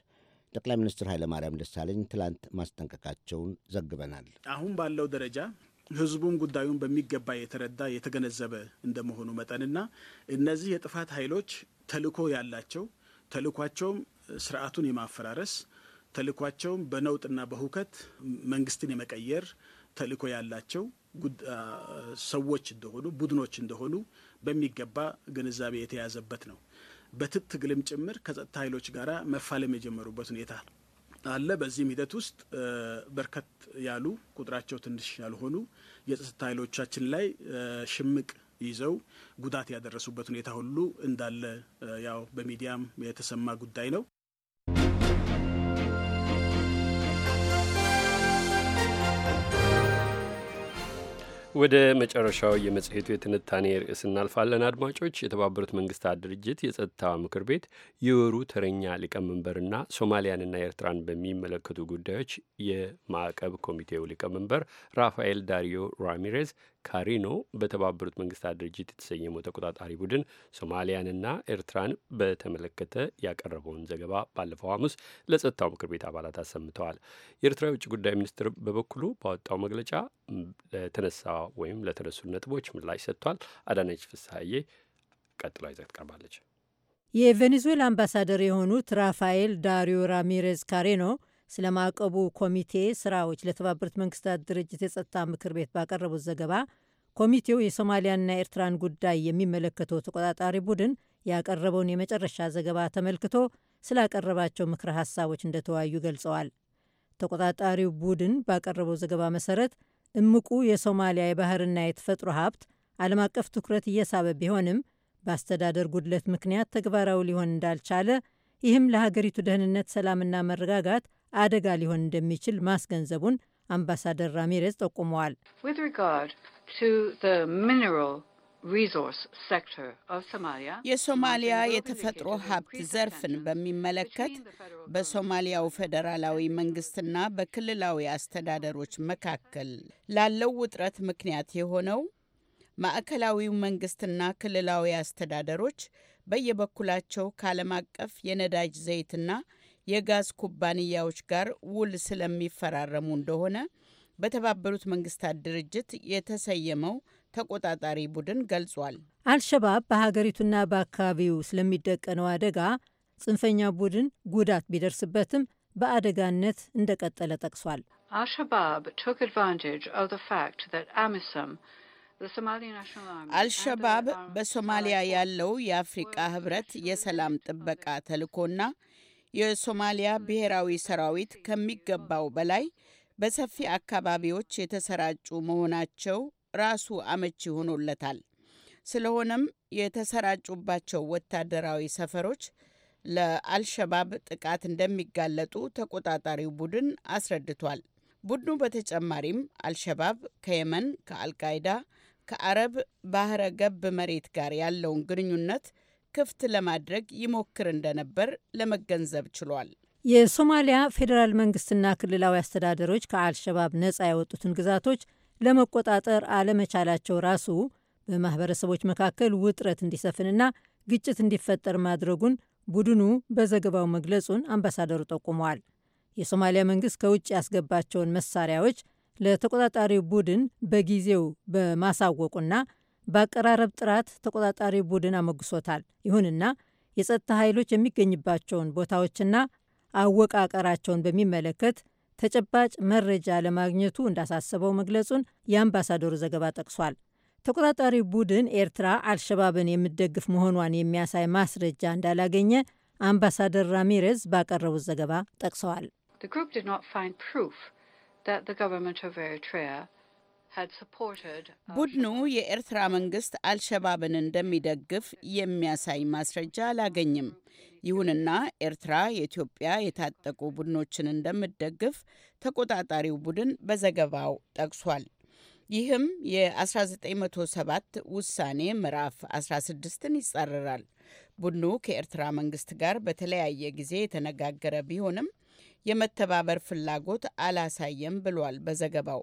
ጠቅላይ ሚኒስትር ኃይለማርያም ደሳለኝ ትላንት ማስጠንቀቃቸውን ዘግበናል። አሁን ባለው ደረጃ ህዝቡም ጉዳዩን በሚገባ የተረዳ የተገነዘበ እንደመሆኑ መጠንና እነዚህ የጥፋት ኃይሎች ተልኮ ያላቸው ተልኳቸውም ስርዓቱን የማፈራረስ ተልኳቸውም በነውጥና በሁከት መንግስትን የመቀየር ተልኮ ያላቸው ሰዎች እንደሆኑ ቡድኖች እንደሆኑ በሚገባ ግንዛቤ የተያዘበት ነው። በትጥቅ ትግልም ጭምር ከጸጥታ ኃይሎች ጋር መፋለም የጀመሩበት ሁኔታ አለ። በዚህም ሂደት ውስጥ በርከት ያሉ ቁጥራቸው ትንሽ ያልሆኑ የጸጥታ ኃይሎቻችን ላይ ሽምቅ ይዘው ጉዳት ያደረሱበት ሁኔታ ሁሉ እንዳለ ያው በሚዲያም የተሰማ ጉዳይ ነው። ወደ መጨረሻው የመጽሔቱ የትንታኔ ርዕስ እናልፋለን። አድማጮች፣ የተባበሩት መንግስታት ድርጅት የጸጥታው ምክር ቤት የወሩ ተረኛ ሊቀመንበርና ሶማሊያንና ኤርትራን በሚመለከቱ ጉዳዮች የማዕቀብ ኮሚቴው ሊቀመንበር ራፋኤል ዳሪዮ ራሚሬዝ ካሪኖ በተባበሩት መንግስታት ድርጅት የተሰየመው ተቆጣጣሪ ቡድን ሶማሊያንና ኤርትራን በተመለከተ ያቀረበውን ዘገባ ባለፈው ሐሙስ ለጸጥታው ምክር ቤት አባላት አሰምተዋል። የኤርትራ የውጭ ጉዳይ ሚኒስትር በበኩሉ ባወጣው መግለጫ ለተነሳ ወይም ለተነሱ ነጥቦች ምላሽ ሰጥቷል። አዳነች ፍስሐዬ ቀጥላ ይዛ ቀርባለች። የቬኔዙዌላ አምባሳደር የሆኑት ራፋኤል ዳሪዮ ራሚሬዝ ካሬኖ ስለ ማዕቀቡ ኮሚቴ ስራዎች ለተባበሩት መንግስታት ድርጅት የጸጥታ ምክር ቤት ባቀረቡት ዘገባ ኮሚቴው የሶማሊያና ኤርትራን ጉዳይ የሚመለከተው ተቆጣጣሪ ቡድን ያቀረበውን የመጨረሻ ዘገባ ተመልክቶ ስላቀረባቸው ምክረ ሀሳቦች እንደተወያዩ ገልጸዋል። ተቆጣጣሪው ቡድን ባቀረበው ዘገባ መሰረት እምቁ የሶማሊያ የባህርና የተፈጥሮ ሀብት ዓለም አቀፍ ትኩረት እየሳበ ቢሆንም በአስተዳደር ጉድለት ምክንያት ተግባራዊ ሊሆን እንዳልቻለ፣ ይህም ለሀገሪቱ ደህንነት ሰላምና መረጋጋት አደጋ ሊሆን እንደሚችል ማስገንዘቡን አምባሳደር ራሚሬዝ ጠቁመዋል። የሶማሊያ የተፈጥሮ ሀብት ዘርፍን በሚመለከት በሶማሊያው ፌዴራላዊ መንግስትና በክልላዊ አስተዳደሮች መካከል ላለው ውጥረት ምክንያት የሆነው ማዕከላዊው መንግስትና ክልላዊ አስተዳደሮች በየበኩላቸው ከዓለም አቀፍ የነዳጅ ዘይትና የጋዝ ኩባንያዎች ጋር ውል ስለሚፈራረሙ እንደሆነ በተባበሩት መንግስታት ድርጅት የተሰየመው ተቆጣጣሪ ቡድን ገልጿል። አልሸባብ በሀገሪቱና በአካባቢው ስለሚደቀነው አደጋ ጽንፈኛ ቡድን ጉዳት ቢደርስበትም በአደጋነት እንደቀጠለ ጠቅሷል። አልሸባብ በሶማሊያ ያለው የአፍሪቃ ህብረት የሰላም ጥበቃ ተልእኮና የሶማሊያ ብሔራዊ ሰራዊት ከሚገባው በላይ በሰፊ አካባቢዎች የተሰራጩ መሆናቸው ራሱ አመቺ ሆኖለታል። ስለሆነም የተሰራጩባቸው ወታደራዊ ሰፈሮች ለአልሸባብ ጥቃት እንደሚጋለጡ ተቆጣጣሪው ቡድን አስረድቷል። ቡድኑ በተጨማሪም አልሸባብ ከየመን፣ ከአልቃይዳ፣ ከአረብ ባህረ ገብ መሬት ጋር ያለውን ግንኙነት ክፍት ለማድረግ ይሞክር እንደነበር ለመገንዘብ ችሏል። የሶማሊያ ፌዴራል መንግስትና ክልላዊ አስተዳደሮች ከአልሸባብ ነፃ ያወጡትን ግዛቶች ለመቆጣጠር አለመቻላቸው ራሱ በማህበረሰቦች መካከል ውጥረት እንዲሰፍንና ግጭት እንዲፈጠር ማድረጉን ቡድኑ በዘገባው መግለጹን አምባሳደሩ ጠቁመዋል። የሶማሊያ መንግስት ከውጭ ያስገባቸውን መሳሪያዎች ለተቆጣጣሪው ቡድን በጊዜው በማሳወቁና በአቀራረብ ጥራት ተቆጣጣሪ ቡድን አሞግሶታል። ይሁንና የጸጥታ ኃይሎች የሚገኝባቸውን ቦታዎችና አወቃቀራቸውን በሚመለከት ተጨባጭ መረጃ ለማግኘቱ እንዳሳሰበው መግለጹን የአምባሳደሩ ዘገባ ጠቅሷል። ተቆጣጣሪ ቡድን ኤርትራ አልሸባብን የምደግፍ መሆኗን የሚያሳይ ማስረጃ እንዳላገኘ አምባሳደር ራሚሬዝ ባቀረቡት ዘገባ ጠቅሰዋል። Uh, ቡድኑ የኤርትራ መንግስት አልሸባብን እንደሚደግፍ የሚያሳይ ማስረጃ አላገኝም። ይሁንና ኤርትራ የኢትዮጵያ የታጠቁ ቡድኖችን እንደምትደግፍ ተቆጣጣሪው ቡድን በዘገባው ጠቅሷል። ይህም የ1907 ውሳኔ ምዕራፍ 16ን ይጻረራል። ቡድኑ ከኤርትራ መንግስት ጋር በተለያየ ጊዜ የተነጋገረ ቢሆንም የመተባበር ፍላጎት አላሳየም ብሏል በዘገባው።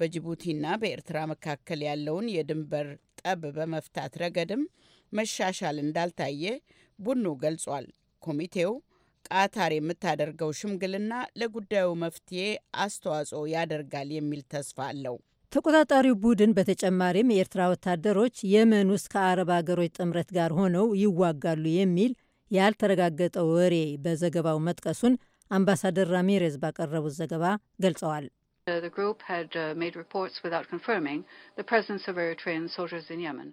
በጅቡቲና በኤርትራ መካከል ያለውን የድንበር ጠብ በመፍታት ረገድም መሻሻል እንዳልታየ ቡድኑ ገልጿል። ኮሚቴው ቃታር የምታደርገው ሽምግልና ለጉዳዩ መፍትሄ አስተዋጽኦ ያደርጋል የሚል ተስፋ አለው። ተቆጣጣሪው ቡድን በተጨማሪም የኤርትራ ወታደሮች የመን ውስጥ ከአረብ አገሮች ጥምረት ጋር ሆነው ይዋጋሉ የሚል ያልተረጋገጠ ወሬ በዘገባው መጥቀሱን አምባሳደር ራሚሬዝ ባቀረቡት ዘገባ ገልጸዋል። Uh, the group had uh, made reports without confirming the presence of Eritrean soldiers in Yemen.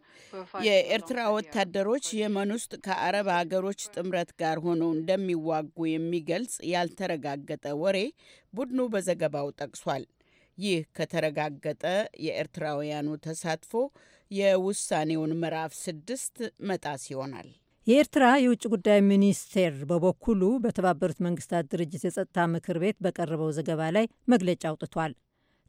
የኤርትራ ወታደሮች የመን ውስጥ ከአረብ ሀገሮች ጥምረት ጋር ሆነው እንደሚዋጉ የሚገልጽ ያልተረጋገጠ ወሬ ቡድኑ በዘገባው ጠቅሷል። ይህ ከተረጋገጠ የኤርትራውያኑ ተሳትፎ የውሳኔውን ምዕራፍ ስድስት መጣስ ይሆናል። የኤርትራ የውጭ ጉዳይ ሚኒስቴር በበኩሉ በተባበሩት መንግስታት ድርጅት የጸጥታ ምክር ቤት በቀረበው ዘገባ ላይ መግለጫ አውጥቷል።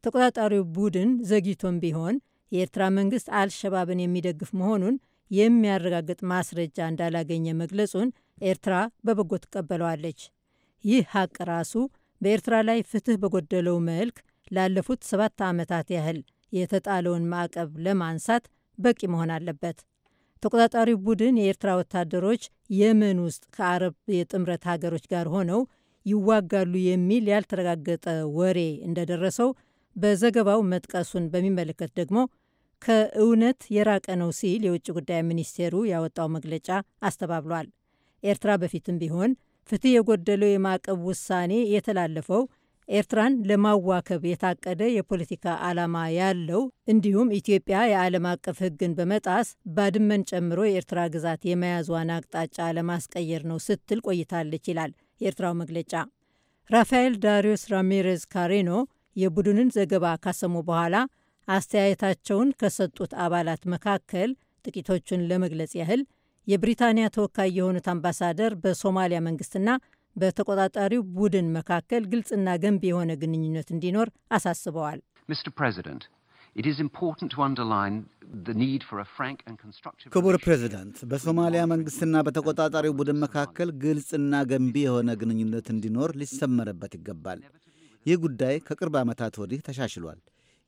ተቆጣጣሪው ቡድን ዘግይቶም ቢሆን የኤርትራ መንግስት አልሸባብን የሚደግፍ መሆኑን የሚያረጋግጥ ማስረጃ እንዳላገኘ መግለጹን ኤርትራ በበጎ ትቀበለዋለች። ይህ ሀቅ ራሱ በኤርትራ ላይ ፍትህ በጎደለው መልክ ላለፉት ሰባት ዓመታት ያህል የተጣለውን ማዕቀብ ለማንሳት በቂ መሆን አለበት። ተቆጣጣሪ ቡድን የኤርትራ ወታደሮች የመን ውስጥ ከአረብ የጥምረት ሀገሮች ጋር ሆነው ይዋጋሉ የሚል ያልተረጋገጠ ወሬ እንደደረሰው በዘገባው መጥቀሱን በሚመለከት ደግሞ ከእውነት የራቀ ነው ሲል የውጭ ጉዳይ ሚኒስቴሩ ያወጣው መግለጫ አስተባብሏል። ኤርትራ በፊትም ቢሆን ፍትህ የጎደለው የማዕቀብ ውሳኔ የተላለፈው ኤርትራን ለማዋከብ የታቀደ የፖለቲካ ዓላማ ያለው እንዲሁም ኢትዮጵያ የዓለም አቀፍ ሕግን በመጣስ ባድመን ጨምሮ የኤርትራ ግዛት የመያዟን አቅጣጫ ለማስቀየር ነው ስትል ቆይታለች ይላል የኤርትራው መግለጫ። ራፋኤል ዳሪዮስ ራሜሬዝ ካሬኖ የቡድንን ዘገባ ካሰሙ በኋላ አስተያየታቸውን ከሰጡት አባላት መካከል ጥቂቶቹን ለመግለጽ ያህል የብሪታንያ ተወካይ የሆኑት አምባሳደር በሶማሊያ መንግስትና በተቆጣጣሪው ቡድን መካከል ግልጽና ገንቢ የሆነ ግንኙነት እንዲኖር አሳስበዋል። ክቡር ፕሬዚዳንት፣ በሶማሊያ መንግሥትና በተቆጣጣሪው ቡድን መካከል ግልጽና ገንቢ የሆነ ግንኙነት እንዲኖር ሊሰመርበት ይገባል። ይህ ጉዳይ ከቅርብ ዓመታት ወዲህ ተሻሽሏል።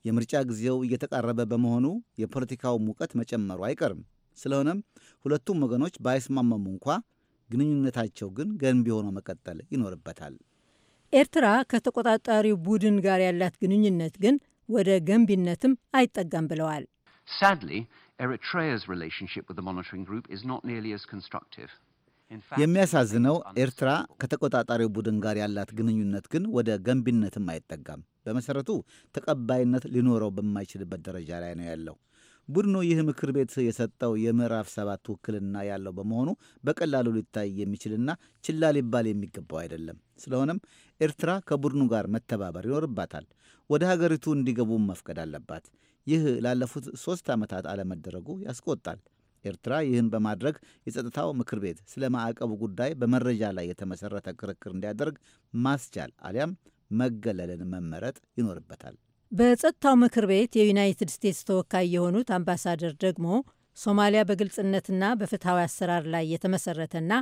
የምርጫ ጊዜው እየተቃረበ በመሆኑ የፖለቲካው ሙቀት መጨመሩ አይቀርም። ስለሆነም ሁለቱም ወገኖች ባይስማመሙ እንኳ ግንኙነታቸው ግን ገንቢ ሆኖ መቀጠል ይኖርበታል። ኤርትራ ከተቆጣጣሪው ቡድን ጋር ያላት ግንኙነት ግን ወደ ገንቢነትም አይጠጋም ብለዋል። የሚያሳዝነው ኤርትራ ከተቆጣጣሪው ቡድን ጋር ያላት ግንኙነት ግን ወደ ገንቢነትም አይጠጋም። በመሰረቱ ተቀባይነት ሊኖረው በማይችልበት ደረጃ ላይ ነው ያለው። ቡድኑ ይህ ምክር ቤት የሰጠው የምዕራፍ ሰባት ውክልና ያለው በመሆኑ በቀላሉ ሊታይ የሚችልና ችላ ሊባል የሚገባው አይደለም። ስለሆነም ኤርትራ ከቡድኑ ጋር መተባበር ይኖርባታል። ወደ ሀገሪቱ እንዲገቡም መፍቀድ አለባት። ይህ ላለፉት ሦስት ዓመታት አለመደረጉ ያስቆጣል። ኤርትራ ይህን በማድረግ የጸጥታው ምክር ቤት ስለ ማዕቀቡ ጉዳይ በመረጃ ላይ የተመሠረተ ክርክር እንዲያደርግ ማስቻል አሊያም መገለልን መመረጥ ይኖርበታል። በጸጥታው ምክር ቤት የዩናይትድ ስቴትስ ተወካይ የሆኑት አምባሳደር ደግሞ ሶማሊያ በግልጽነትና በፍትሐዊ አሰራር ላይ የተመሰረተና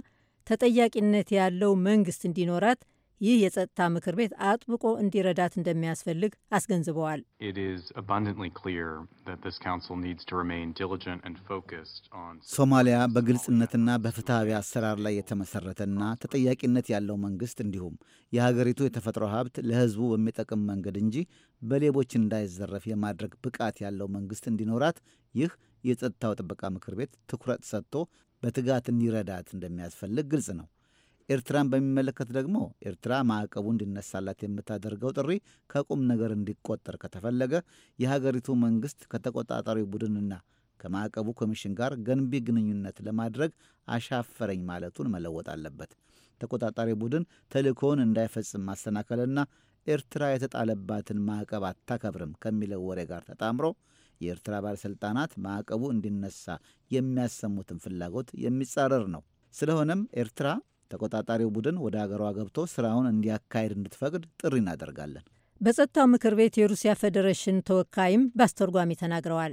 ተጠያቂነት ያለው መንግስት እንዲኖራት ይህ የጸጥታ ምክር ቤት አጥብቆ እንዲረዳት እንደሚያስፈልግ አስገንዝበዋል። ሶማሊያ በግልጽነትና በፍትሐዊ አሰራር ላይ የተመሠረተና ተጠያቂነት ያለው መንግሥት እንዲሁም የሀገሪቱ የተፈጥሮ ሀብት ለህዝቡ በሚጠቅም መንገድ እንጂ በሌቦች እንዳይዘረፍ የማድረግ ብቃት ያለው መንግሥት እንዲኖራት ይህ የጸጥታው ጥበቃ ምክር ቤት ትኩረት ሰጥቶ በትጋት እንዲረዳት እንደሚያስፈልግ ግልጽ ነው። ኤርትራን በሚመለከት ደግሞ ኤርትራ ማዕቀቡ እንዲነሳላት የምታደርገው ጥሪ ከቁም ነገር እንዲቆጠር ከተፈለገ የሀገሪቱ መንግስት ከተቆጣጣሪ ቡድንና ከማዕቀቡ ኮሚሽን ጋር ገንቢ ግንኙነት ለማድረግ አሻፈረኝ ማለቱን መለወጥ አለበት። ተቆጣጣሪ ቡድን ተልእኮውን እንዳይፈጽም ማሰናከልና ኤርትራ የተጣለባትን ማዕቀብ አታከብርም ከሚለው ወሬ ጋር ተጣምሮ የኤርትራ ባለሥልጣናት ማዕቀቡ እንዲነሳ የሚያሰሙትን ፍላጎት የሚጻረር ነው። ስለሆነም ኤርትራ ተቆጣጣሪው ቡድን ወደ አገሯ ገብቶ ስራውን እንዲያካሄድ እንድትፈቅድ ጥሪ እናደርጋለን። በጸጥታው ምክር ቤት የሩሲያ ፌዴሬሽን ተወካይም በአስተርጓሚ ተናግረዋል።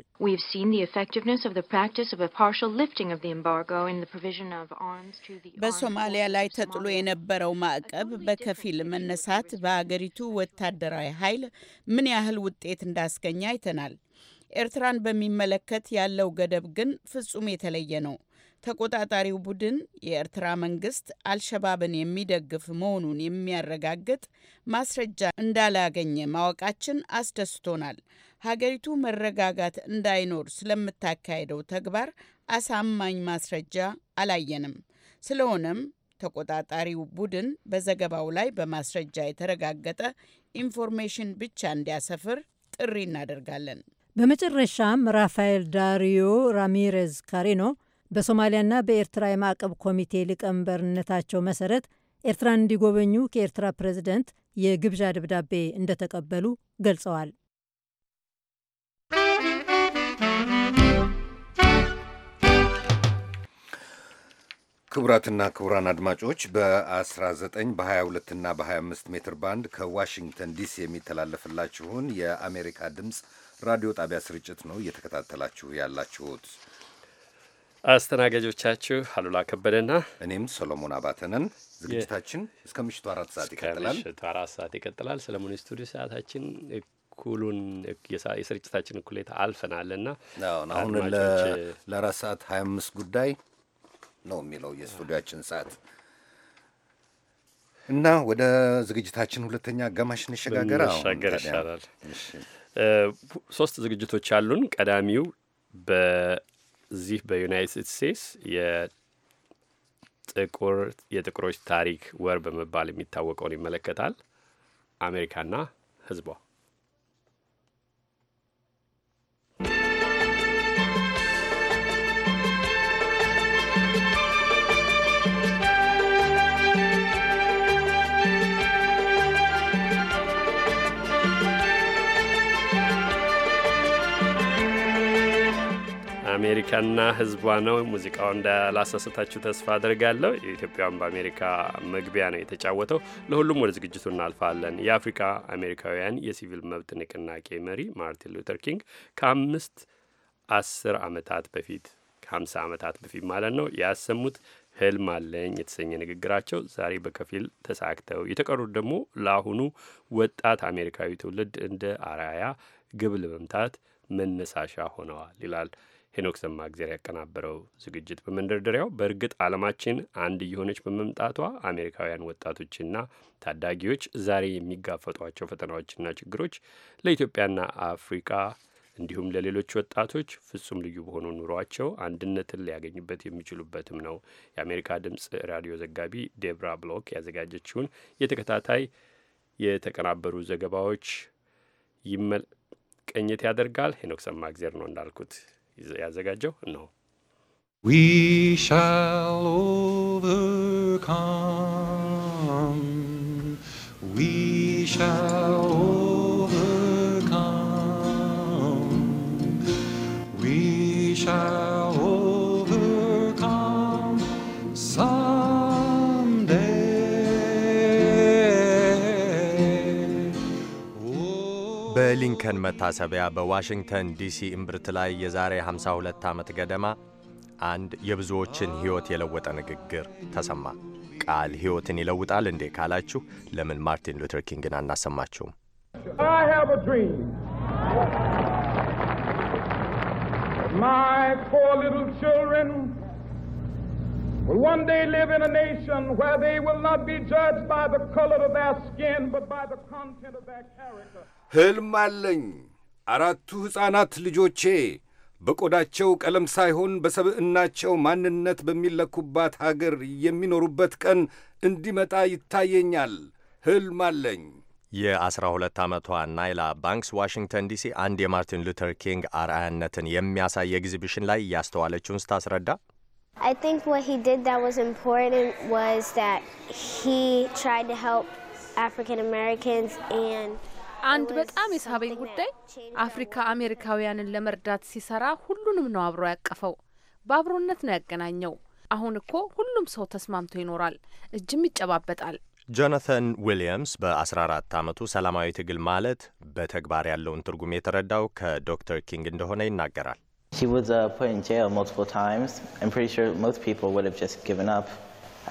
በሶማሊያ ላይ ተጥሎ የነበረው ማዕቀብ በከፊል መነሳት በአገሪቱ ወታደራዊ ኃይል ምን ያህል ውጤት እንዳስገኘ አይተናል። ኤርትራን በሚመለከት ያለው ገደብ ግን ፍጹም የተለየ ነው። ተቆጣጣሪው ቡድን የኤርትራ መንግስት አልሸባብን የሚደግፍ መሆኑን የሚያረጋግጥ ማስረጃ እንዳላገኘ ማወቃችን አስደስቶናል። ሀገሪቱ መረጋጋት እንዳይኖር ስለምታካሄደው ተግባር አሳማኝ ማስረጃ አላየንም። ስለሆነም ተቆጣጣሪው ቡድን በዘገባው ላይ በማስረጃ የተረጋገጠ ኢንፎርሜሽን ብቻ እንዲያሰፍር ጥሪ እናደርጋለን። በመጨረሻም ራፋኤል ዳሪዮ ራሚሬዝ ካሬኖ በሶማሊያና በኤርትራ የማዕቀብ ኮሚቴ ሊቀመንበርነታቸው መሰረት ኤርትራን እንዲጎበኙ ከኤርትራ ፕሬዝደንት የግብዣ ደብዳቤ እንደተቀበሉ ገልጸዋል። ክቡራትና ክቡራን አድማጮች በ19 በ22 እና በ25 ሜትር ባንድ ከዋሽንግተን ዲሲ የሚተላለፍላችሁን የአሜሪካ ድምፅ ራዲዮ ጣቢያ ስርጭት ነው እየተከታተላችሁ ያላችሁት። አስተናጋጆቻችሁ አሉላ ከበደና እኔም ሰሎሞን አባተነን። ዝግጅታችን እስከ ምሽቱ አራት ሰዓት ይቀጥላል። ምሽቱ አራት ሰዓት ይቀጥላል። ሰለሞን ስቱዲዮ ሰዓታችን እኩሉን የስርጭታችን እኩሌታ አልፈናልና አሁን ለአራት ሰዓት ሀያ አምስት ጉዳይ ነው የሚለው የስቱዲያችን ሰዓት እና ወደ ዝግጅታችን ሁለተኛ አጋማሽ እንሸጋገር ይሻላል። ሶስት ዝግጅቶች አሉን። ቀዳሚው በ እዚህ በዩናይትድ ስቴትስ የጥቁር የጥቁሮች ታሪክ ወር በመባል የሚታወቀውን ይመለከታል። አሜሪካና ህዝቧ አሜሪካና ህዝቧ ነው። ሙዚቃው እንዳላሳሰታችሁ ተስፋ አድርጋለሁ። የኢትዮጵያን በአሜሪካ መግቢያ ነው የተጫወተው። ለሁሉም ወደ ዝግጅቱ እናልፋለን። የአፍሪካ አሜሪካውያን የሲቪል መብት ንቅናቄ መሪ ማርቲን ሉተር ኪንግ ከአምስት አስር ዓመታት በፊት ከሀምሳ ዓመታት በፊት ማለት ነው ያሰሙት ህልም አለኝ የተሰኘ ንግግራቸው ዛሬ በከፊል ተሳክተው የተቀሩት ደግሞ ለአሁኑ ወጣት አሜሪካዊ ትውልድ እንደ አርአያ ግብ ለመምታት መነሳሻ ሆነዋል ይላል። ሄኖክ ሰማእግዜር ያቀናበረው ዝግጅት በመንደርደሪያው በእርግጥ ዓለማችን አንድ እየሆነች በመምጣቷ አሜሪካውያን ወጣቶችና ታዳጊዎች ዛሬ የሚጋፈጧቸው ፈተናዎችና ችግሮች ለኢትዮጵያና አፍሪካ እንዲሁም ለሌሎች ወጣቶች ፍጹም ልዩ በሆኑ ኑሯቸው አንድነትን ሊያገኙበት የሚችሉበትም ነው። የአሜሪካ ድምፅ ራዲዮ ዘጋቢ ዴብራ ብሎክ ያዘጋጀችውን የተከታታይ የተቀናበሩ ዘገባዎች ይመል ቅኝት ያደርጋል። ሄኖክ ሰማእግዜር ነው እንዳልኩት ያዘጋጀው We shall overcome. We shall በሊንከን መታሰቢያ በዋሽንግተን ዲሲ እምብርት ላይ የዛሬ 52 ዓመት ገደማ አንድ የብዙዎችን ሕይወት የለወጠ ንግግር ተሰማ። ቃል ሕይወትን ይለውጣል እንዴ ካላችሁ፣ ለምን ማርቲን ሉተር ኪንግን አናሰማችውም። will one day live in a nation where they will not be judged by the color of their ሕልም አለኝ። አራቱ ሕፃናት ልጆቼ በቆዳቸው ቀለም ሳይሆን በሰብዕናቸው ማንነት በሚለኩባት ሀገር የሚኖሩበት ቀን እንዲመጣ ይታየኛል። ሕልም አለኝ። የ12 ዓመቷ ናይላ ባንክስ ዋሽንግተን ዲሲ አንድ የማርቲን ሉተር ኪንግ አርአያነትን የሚያሳይ ኤግዚቢሽን ላይ እያስተዋለችውን ስታስረዳ አንድ በጣም የሳበኝ ጉዳይ አፍሪካ አሜሪካውያንን ለመርዳት ሲሰራ ሁሉንም ነው አብሮ ያቀፈው። በአብሮነት ነው ያገናኘው። አሁን እኮ ሁሉም ሰው ተስማምቶ ይኖራል፣ እጅም ይጨባበጣል። ጆናታን ዊሊያምስ በ14 ዓመቱ ሰላማዊ ትግል ማለት በተግባር ያለውን ትርጉም የተረዳው ከዶክተር ኪንግ እንደሆነ ይናገራል። uh,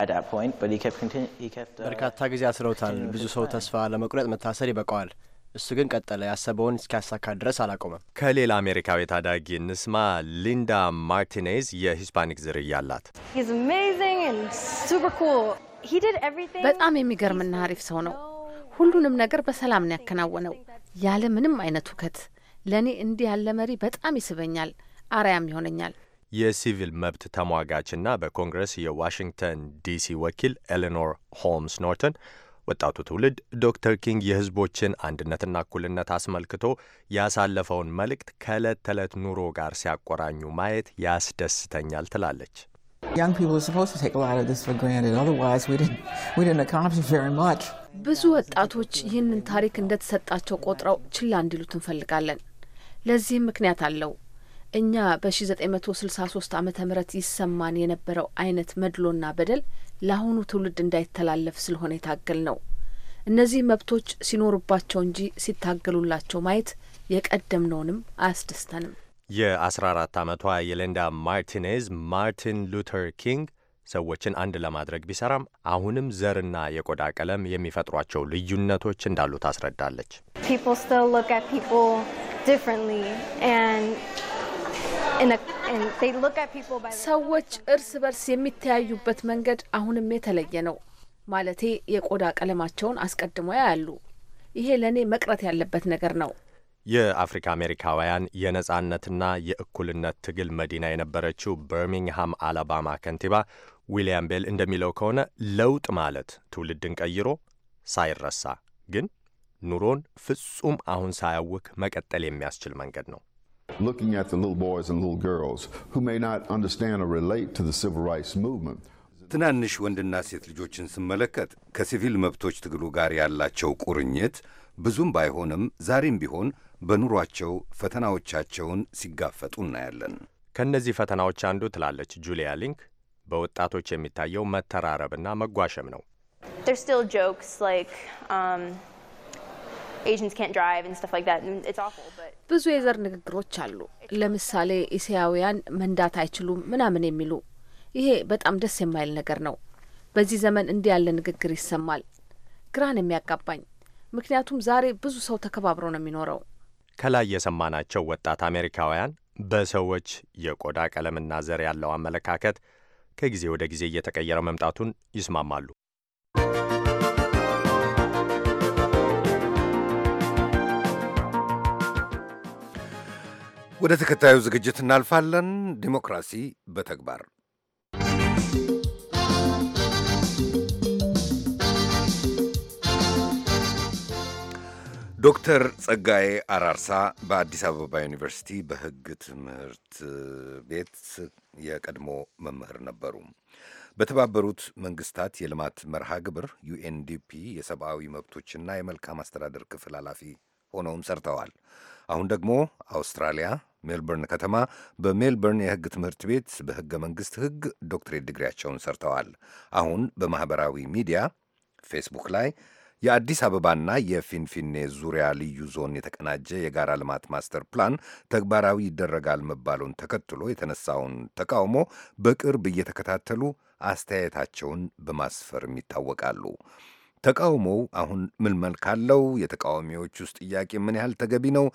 uh, በርካታ ጊዜ አስረውታል። ብዙ ሰው ተስፋ ለመቁረጥ መታሰር ይበቃዋል። እሱ ግን ቀጠለ፣ ያሰበውን እስኪያሳካ ድረስ አላቆመም። ከሌላ አሜሪካዊ ታዳጊ እንስማ። ሊንዳ ማርቲኔዝ የሂስፓኒክ ዝርያ አላት። በጣም የሚገርምና አሪፍ ሰው ነው። ሁሉንም ነገር በሰላም ነው ያከናወነው ያለ ምንም አይነት ውከት። ለእኔ እንዲህ ያለ መሪ በጣም ይስበኛል፣ አርያም ይሆነኛል። የሲቪል መብት ተሟጋችና በኮንግረስ የዋሽንግተን ዲሲ ወኪል ኤሌኖር ሆምስ ኖርተን ወጣቱ ትውልድ ዶክተር ኪንግ የህዝቦችን አንድነትና እኩልነት አስመልክቶ ያሳለፈውን መልእክት ከዕለት ተዕለት ኑሮ ጋር ሲያቆራኙ ማየት ያስደስተኛል ትላለች። ብዙ ወጣቶች ይህንን ታሪክ እንደተሰጣቸው ቆጥረው ችላ እንዲሉት እንፈልጋለን። ለዚህም ምክንያት አለው። እኛ በ1963 ዓ ም ይሰማን የነበረው አይነት መድሎና በደል ለአሁኑ ትውልድ እንዳይተላለፍ ስለሆነ የታገል ነው። እነዚህ መብቶች ሲኖሩባቸው እንጂ ሲታገሉላቸው ማየት የቀደምነውንም አያስደስተንም። የአስራ አራት ዓመቷ የሌንዳ ማርቲኔዝ ማርቲን ሉተር ኪንግ ሰዎችን አንድ ለማድረግ ቢሰራም አሁንም ዘርና የቆዳ ቀለም የሚፈጥሯቸው ልዩነቶች እንዳሉ ታስረዳለች። ሰዎች እርስ በርስ የሚተያዩበት መንገድ አሁንም የተለየ ነው። ማለቴ የቆዳ ቀለማቸውን አስቀድሞ ያያሉ። ይሄ ለእኔ መቅረት ያለበት ነገር ነው። የአፍሪካ አሜሪካውያን የነጻነትና የእኩልነት ትግል መዲና የነበረችው በርሚንግሃም አላባማ ከንቲባ ዊልያም ቤል እንደሚለው ከሆነ ለውጥ ማለት ትውልድን ቀይሮ ሳይረሳ ግን ኑሮን ፍጹም አሁን ሳያውክ መቀጠል የሚያስችል መንገድ ነው። looking at the little boys and little girls who may not understand or relate to the civil rights movement. ትናንሽ ወንድና ሴት ልጆችን ስመለከት ከሲቪል መብቶች ትግሉ ጋር ያላቸው ቁርኝት ብዙም ባይሆንም ዛሬም ቢሆን በኑሯቸው ፈተናዎቻቸውን ሲጋፈጡ እናያለን። ከእነዚህ ፈተናዎች አንዱ ትላለች ጁሊያ ሊንክ፣ በወጣቶች የሚታየው መተራረብና መጓሸም ነው። ብዙ የዘር ንግግሮች አሉ። ለምሳሌ እስያውያን መንዳት አይችሉም ምናምን የሚሉ ይሄ በጣም ደስ የማይል ነገር ነው። በዚህ ዘመን እንዲህ ያለ ንግግር ይሰማል። ግራን የሚያጋባኝ ምክንያቱም ዛሬ ብዙ ሰው ተከባብሮ ነው የሚኖረው። ከላይ የሰማናቸው ወጣት አሜሪካውያን በሰዎች የቆዳ ቀለምና ዘር ያለው አመለካከት ከጊዜ ወደ ጊዜ እየተቀየረ መምጣቱን ይስማማሉ። ወደ ተከታዩ ዝግጅት እናልፋለን። ዲሞክራሲ በተግባር ዶክተር ጸጋዬ አራርሳ በአዲስ አበባ ዩኒቨርሲቲ በሕግ ትምህርት ቤት የቀድሞ መምህር ነበሩ። በተባበሩት መንግስታት የልማት መርሃ ግብር ዩኤንዲፒ የሰብአዊ መብቶችና የመልካም አስተዳደር ክፍል ኃላፊ ሆነውም ሰርተዋል። አሁን ደግሞ አውስትራሊያ ሜልበርን ከተማ በሜልበርን የህግ ትምህርት ቤት በህገ መንግስት ህግ ዶክትሬት ድግሪያቸውን ሰርተዋል። አሁን በማኅበራዊ ሚዲያ ፌስቡክ ላይ የአዲስ አበባና የፊንፊኔ ዙሪያ ልዩ ዞን የተቀናጀ የጋራ ልማት ማስተር ፕላን ተግባራዊ ይደረጋል መባሉን ተከትሎ የተነሳውን ተቃውሞ በቅርብ እየተከታተሉ አስተያየታቸውን በማስፈርም ይታወቃሉ። ተቃውሞው አሁን ምን መልክ አለው? የተቃዋሚዎች ውስጥ ጥያቄ ምን ያህል ተገቢ ነው?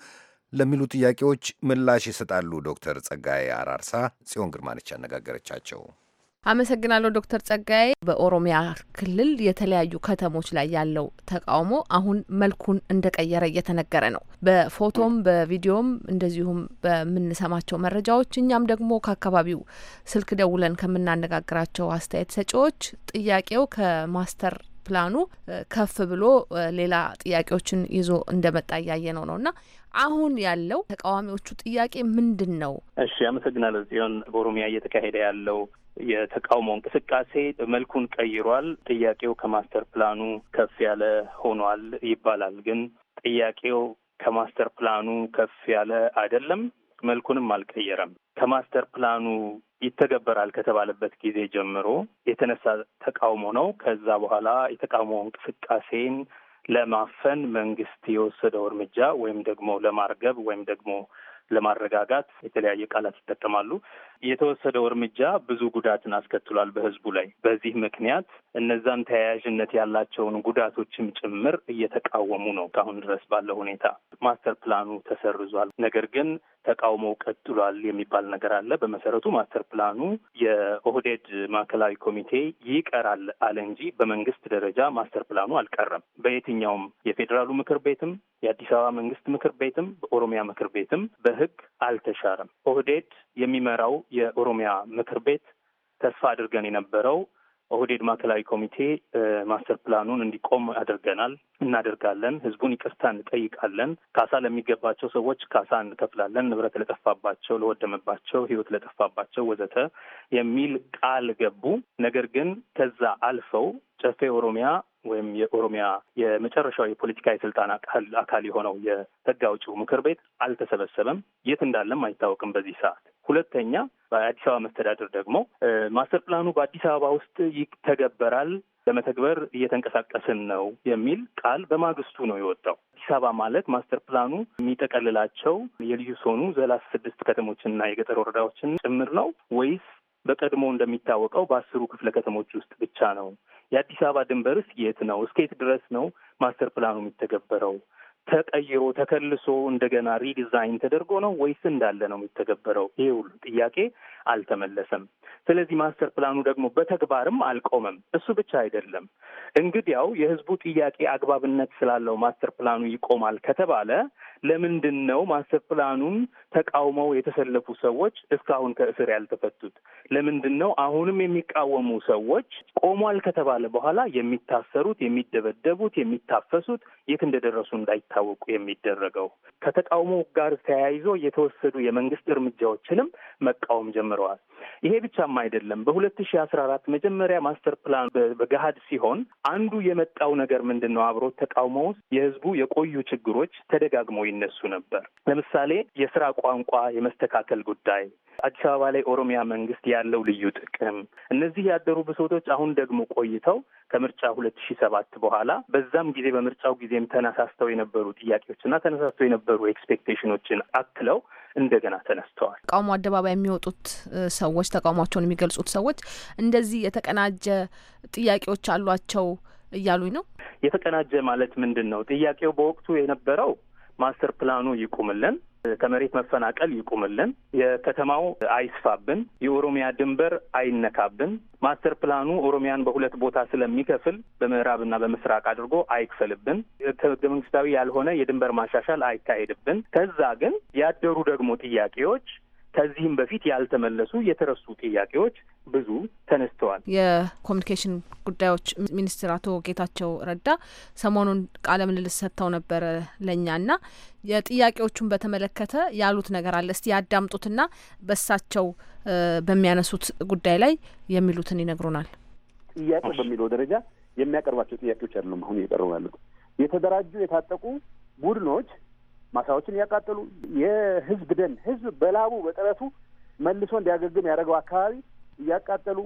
ለሚሉ ጥያቄዎች ምላሽ ይሰጣሉ ዶክተር ጸጋዬ አራርሳ። ጽዮን ግርማነች ያነጋገረቻቸው። አመሰግናለሁ ዶክተር ጸጋዬ። በኦሮሚያ ክልል የተለያዩ ከተሞች ላይ ያለው ተቃውሞ አሁን መልኩን እንደቀየረ እየተነገረ ነው። በፎቶም በቪዲዮም እንደዚሁም በምንሰማቸው መረጃዎች፣ እኛም ደግሞ ከአካባቢው ስልክ ደውለን ከምናነጋግራቸው አስተያየት ሰጪዎች ጥያቄው ከማስተር ፕላኑ ከፍ ብሎ ሌላ ጥያቄዎችን ይዞ እንደመጣ እያየ ነው ነው እና አሁን ያለው ተቃዋሚዎቹ ጥያቄ ምንድን ነው? እሺ አመሰግናለሁ ጽዮን። በኦሮሚያ እየተካሄደ ያለው የተቃውሞ እንቅስቃሴ መልኩን ቀይሯል። ጥያቄው ከማስተር ፕላኑ ከፍ ያለ ሆኗል ይባላል። ግን ጥያቄው ከማስተር ፕላኑ ከፍ ያለ አይደለም፣ መልኩንም አልቀየረም። ከማስተር ፕላኑ ይተገበራል ከተባለበት ጊዜ ጀምሮ የተነሳ ተቃውሞ ነው። ከዛ በኋላ የተቃውሞ እንቅስቃሴን ለማፈን መንግስት የወሰደው እርምጃ ወይም ደግሞ ለማርገብ ወይም ደግሞ ለማረጋጋት የተለያየ ቃላት ይጠቀማሉ። የተወሰደው እርምጃ ብዙ ጉዳትን አስከትሏል በህዝቡ ላይ። በዚህ ምክንያት እነዛን ተያያዥነት ያላቸውን ጉዳቶችም ጭምር እየተቃወሙ ነው። እስካሁን ድረስ ባለው ሁኔታ ማስተር ፕላኑ ተሰርዟል፣ ነገር ግን ተቃውሞው ቀጥሏል የሚባል ነገር አለ። በመሰረቱ ማስተር ፕላኑ የኦህዴድ ማዕከላዊ ኮሚቴ ይቀራል አለ እንጂ በመንግስት ደረጃ ማስተር ፕላኑ አልቀረም። በየትኛውም የፌዴራሉ ምክር ቤትም የአዲስ አበባ መንግስት ምክር ቤትም በኦሮሚያ ምክር ቤትም በህግ አልተሻረም። ኦህዴድ የሚመራው የኦሮሚያ ምክር ቤት ተስፋ አድርገን የነበረው ኦህዴድ ማዕከላዊ ኮሚቴ ማስተር ፕላኑን እንዲቆም አድርገናል፣ እናደርጋለን። ህዝቡን ይቅርታ እንጠይቃለን። ካሳ ለሚገባቸው ሰዎች ካሳ እንከፍላለን። ንብረት ለጠፋባቸው፣ ለወደመባቸው፣ ህይወት ለጠፋባቸው ወዘተ የሚል ቃል ገቡ። ነገር ግን ከዛ አልፈው ጨፌ ኦሮሚያ ወይም የኦሮሚያ የመጨረሻው የፖለቲካ የስልጣን አካል የሆነው የህግ አውጪው ምክር ቤት አልተሰበሰበም። የት እንዳለም አይታወቅም በዚህ ሰዓት። ሁለተኛ በአዲስ አበባ መስተዳደር ደግሞ ማስተር ፕላኑ በአዲስ አበባ ውስጥ ይተገበራል፣ ለመተግበር እየተንቀሳቀስን ነው የሚል ቃል በማግስቱ ነው የወጣው። አዲስ አበባ ማለት ማስተር ፕላኑ የሚጠቀልላቸው የልዩ ዞኑ ዘላስ ስድስት ከተሞችና የገጠር ወረዳዎችን ጭምር ነው ወይስ በቀድሞ እንደሚታወቀው በአስሩ ክፍለ ከተሞች ውስጥ ብቻ ነው። የአዲስ አበባ ድንበርስ የት ነው? እስከየት ድረስ ነው ማስተር ፕላኑ የሚተገበረው? ተቀይሮ ተከልሶ እንደገና ሪዲዛይን ተደርጎ ነው ወይስ እንዳለ ነው የሚተገበረው? ይህ ሁሉ ጥያቄ አልተመለሰም። ስለዚህ ማስተር ፕላኑ ደግሞ በተግባርም አልቆመም። እሱ ብቻ አይደለም። እንግዲያው የህዝቡ ጥያቄ አግባብነት ስላለው ማስተር ፕላኑ ይቆማል ከተባለ ለምንድን ነው ማስተር ፕላኑን ተቃውመው የተሰለፉ ሰዎች እስካሁን ከእስር ያልተፈቱት? ለምንድን ነው አሁንም የሚቃወሙ ሰዎች ቆሟል ከተባለ በኋላ የሚታሰሩት፣ የሚደበደቡት፣ የሚታፈሱት የት እንደደረሱ እንዳይ እንዲታወቁ የሚደረገው። ከተቃውሞ ጋር ተያይዞ የተወሰዱ የመንግስት እርምጃዎችንም መቃወም ጀምረዋል። ይሄ ብቻም አይደለም። በሁለት ሺ አስራ አራት መጀመሪያ ማስተር ፕላን በገሀድ ሲሆን አንዱ የመጣው ነገር ምንድን ነው? አብሮት ተቃውሞ ውስጥ የህዝቡ የቆዩ ችግሮች ተደጋግመው ይነሱ ነበር። ለምሳሌ የስራ ቋንቋ የመስተካከል ጉዳይ አዲስ አበባ ላይ ኦሮሚያ መንግስት ያለው ልዩ ጥቅም እነዚህ ያደሩ ብሶቶች አሁን ደግሞ ቆይተው ከምርጫ ሁለት ሺ ሰባት በኋላ በዛም ጊዜ በምርጫው ጊዜም ተነሳስተው የነበሩ ጥያቄዎችና ተነሳስተው የነበሩ ኤክስፔክቴሽኖችን አክለው እንደገና ተነስተዋል። ተቃውሞ አደባባይ የሚወጡት ሰዎች ተቃውሟቸውን የሚገልጹት ሰዎች እንደዚህ የተቀናጀ ጥያቄዎች አሏቸው እያሉኝ ነው። የተቀናጀ ማለት ምንድን ነው? ጥያቄው በወቅቱ የነበረው ማስተር ፕላኑ ይቁምልን ከመሬት መፈናቀል ይቁምልን፣ የከተማው አይስፋብን፣ የኦሮሚያ ድንበር አይነካብን፣ ማስተር ፕላኑ ኦሮሚያን በሁለት ቦታ ስለሚከፍል በምዕራብና በምስራቅ አድርጎ አይክፈልብን፣ ህገ መንግስታዊ ያልሆነ የድንበር ማሻሻል አይካሄድብን። ከዛ ግን ያደሩ ደግሞ ጥያቄዎች ከዚህም በፊት ያልተመለሱ የተረሱ ጥያቄዎች ብዙ ተነስተዋል። የኮሚኒኬሽን ጉዳዮች ሚኒስትር አቶ ጌታቸው ረዳ ሰሞኑን ቃለ ምልልስ ሰጥተው ነበረ ለእኛ እና የጥያቄዎቹን በተመለከተ ያሉት ነገር አለ። እስቲ ያዳምጡትና በሳቸው በሚያነሱት ጉዳይ ላይ የሚሉትን ይነግሩናል። ጥያቄ በሚለው ደረጃ የሚያቀርባቸው ጥያቄዎች አይደሉም አሁን እየቀረቡ ያሉት የተደራጁ የታጠቁ ቡድኖች ማሳዎችን እያቃጠሉ የህዝብ ደን ህዝብ በላቡ በጥረቱ መልሶ እንዲያገግም ያደረገው አካባቢ እያቃጠሉ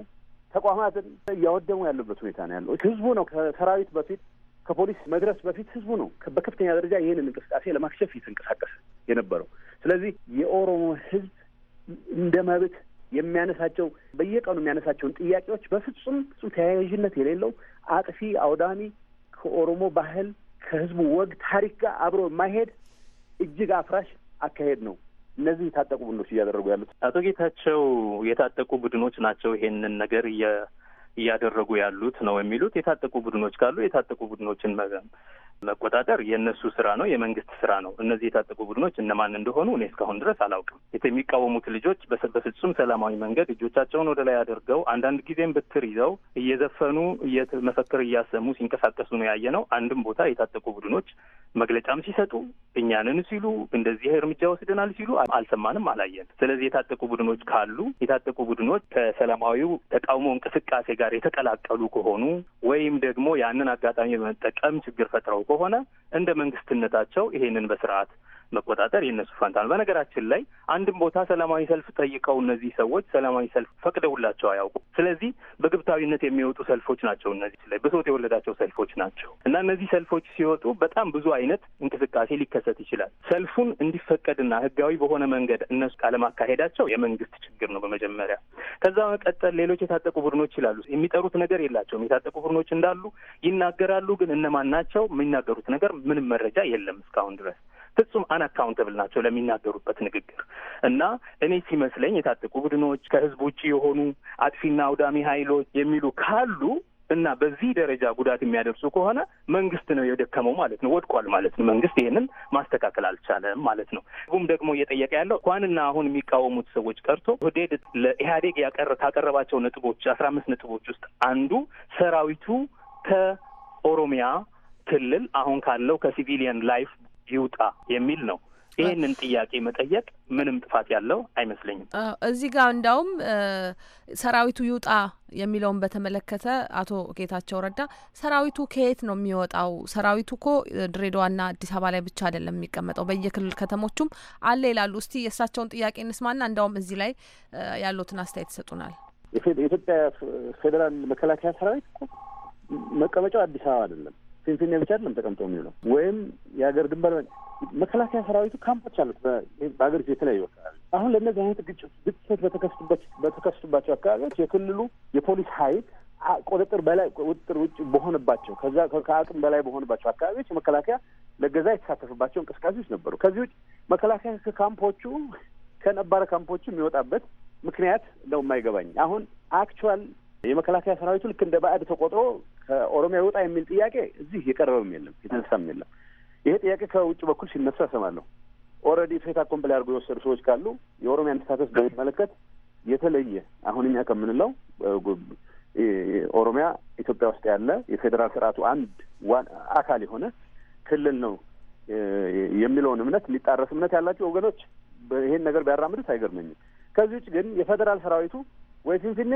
ተቋማትን እያወደሙ ያሉበት ሁኔታ ነው ያለው። ህዝቡ ነው ከሰራዊት በፊት ከፖሊስ መድረስ በፊት ህዝቡ ነው በከፍተኛ ደረጃ ይህንን እንቅስቃሴ ለማክሸፍ እየተንቀሳቀሰ የነበረው። ስለዚህ የኦሮሞ ህዝብ እንደ መብት የሚያነሳቸው በየቀኑ የሚያነሳቸውን ጥያቄዎች በፍጹም ፍጹም ተያያዥነት የሌለው አጥፊ አውዳሚ ከኦሮሞ ባህል ከህዝቡ ወግ ታሪክ ጋር አብሮ የማይሄድ እጅግ አፍራሽ አካሄድ ነው። እነዚህ የታጠቁ ቡድኖች እያደረጉ ያሉት አቶ ጌታቸው የታጠቁ ቡድኖች ናቸው ይሄንን ነገር እያደረጉ ያሉት ነው የሚሉት። የታጠቁ ቡድኖች ካሉ የታጠቁ ቡድኖችን መቆጣጠር የእነሱ ስራ ነው፣ የመንግስት ስራ ነው። እነዚህ የታጠቁ ቡድኖች እነማን እንደሆኑ እኔ እስካሁን ድረስ አላውቅም። የሚቃወሙት ልጆች በፍጹም ሰላማዊ መንገድ እጆቻቸውን ወደ ላይ አድርገው አንዳንድ ጊዜም ብትር ይዘው እየዘፈኑ መፈክር እያሰሙ ሲንቀሳቀሱ ነው ያየ ነው። አንድም ቦታ የታጠቁ ቡድኖች መግለጫም ሲሰጡ እኛንን ሲሉ እንደዚህ እርምጃ ወስደናል ሲሉ አልሰማንም፣ አላየን። ስለዚህ የታጠቁ ቡድኖች ካሉ የታጠቁ ቡድኖች ከሰላማዊው ተቃውሞ እንቅስቃሴ ጋር የተቀላቀሉ ከሆኑ ወይም ደግሞ ያንን አጋጣሚ በመጠቀም ችግር ፈጥረው ከሆነ እንደ መንግስትነታቸው ይሄንን በስርዓት መቆጣጠር የእነሱ ፋንታ ነው። በነገራችን ላይ አንድም ቦታ ሰላማዊ ሰልፍ ጠይቀው እነዚህ ሰዎች ሰላማዊ ሰልፍ ፈቅደውላቸው አያውቁም። ስለዚህ በግብታዊነት የሚወጡ ሰልፎች ናቸው። እነዚህ ላይ ብሶት የወለዳቸው ሰልፎች ናቸው እና እነዚህ ሰልፎች ሲወጡ በጣም ብዙ አይነት እንቅስቃሴ ሊከሰት ይችላል። ሰልፉን እንዲፈቀድና ህጋዊ በሆነ መንገድ እነሱ ካለማካሄዳቸው የመንግስት ችግር ነው በመጀመሪያ። ከዛ በመቀጠል ሌሎች የታጠቁ ቡድኖች ይችላሉ። የሚጠሩት ነገር የላቸውም። የታጠቁ ቡድኖች እንዳሉ ይናገራሉ፣ ግን እነማን ናቸው? የሚናገሩት ነገር ምንም መረጃ የለም እስካሁን ድረስ ፍጹም አንአካውንተብል ናቸው ለሚናገሩበት ንግግር እና እኔ ሲመስለኝ የታጠቁ ቡድኖች ከህዝብ ውጭ የሆኑ አጥፊና አውዳሚ ኃይሎች የሚሉ ካሉ እና በዚህ ደረጃ ጉዳት የሚያደርሱ ከሆነ መንግስት ነው የደከመው ማለት ነው፣ ወድቋል ማለት ነው። መንግስት ይህንን ማስተካከል አልቻለም ማለት ነው። ህዝቡም ደግሞ እየጠየቀ ያለው እንኳንና አሁን የሚቃወሙት ሰዎች ቀርቶ ሁዴድ ለኢህአዴግ ያቀረ ካቀረባቸው ነጥቦች አስራ አምስት ነጥቦች ውስጥ አንዱ ሰራዊቱ ከኦሮሚያ ክልል አሁን ካለው ከሲቪሊየን ላይፍ ይውጣ የሚል ነው። ይህንን ጥያቄ መጠየቅ ምንም ጥፋት ያለው አይመስለኝም። እዚህ ጋር እንዳውም ሰራዊቱ ይውጣ የሚለውን በተመለከተ አቶ ጌታቸው ረዳ ሰራዊቱ ከየት ነው የሚወጣው? ሰራዊቱ እኮ ድሬዳዋና አዲስ አበባ ላይ ብቻ አይደለም የሚቀመጠው በየክልል ከተሞቹም አለ ይላሉ። እስቲ የእሳቸውን ጥያቄ እንስማና እንዳውም እዚህ ላይ ያሉትን አስተያየት ይሰጡናል። የኢትዮጵያ ፌዴራል መከላከያ ሰራዊት መቀመጫው አዲስ አበባ አይደለም ፊንፊኔ ብቻ አይደለም ተቀምጦ የሚውለው ወይም የሀገር ድንበር መከላከያ ሰራዊቱ ካምፖች አሉት በሀገር የተለያዩ አካባቢ። አሁን ለእነዚህ አይነት ግጭት ግጭቶች በተከሰቱባቸው አካባቢዎች የክልሉ የፖሊስ ሀይል ቁጥጥር በላይ ቁጥጥር ውጭ በሆነባቸው ከዛ ከአቅም በላይ በሆነባቸው አካባቢዎች መከላከያ ለገዛ የተሳተፈባቸው እንቅስቃሴዎች ነበሩ። ከዚህ ውጭ መከላከያ ከካምፖቹ ከነባረ ካምፖቹ የሚወጣበት ምክንያት ነው የማይገባኝ። አሁን አክቹዋል የመከላከያ ሰራዊቱ ልክ እንደ ባዕድ ተቆጥሮ ከኦሮሚያ ይውጣ የሚል ጥያቄ እዚህ የቀረበም የለም የተነሳም የለም። ይሄ ጥያቄ ከውጭ በኩል ሲነሳ እሰማለሁ። ኦልሬዲ ፌታ ኮምፕል አድርጎ የወሰዱ ሰዎች ካሉ የኦሮሚያን ስታተስ በሚመለከት የተለየ አሁን እኛ ከምንለው ኦሮሚያ ኢትዮጵያ ውስጥ ያለ የፌዴራል ስርዓቱ አንድ ዋን አካል የሆነ ክልል ነው የሚለውን እምነት የሚጣረስ እምነት ያላቸው ወገኖች ይሄን ነገር ቢያራምዱት አይገርመኝም። ከዚህ ውጭ ግን የፌዴራል ሰራዊቱ ወይ ፊንፊኔ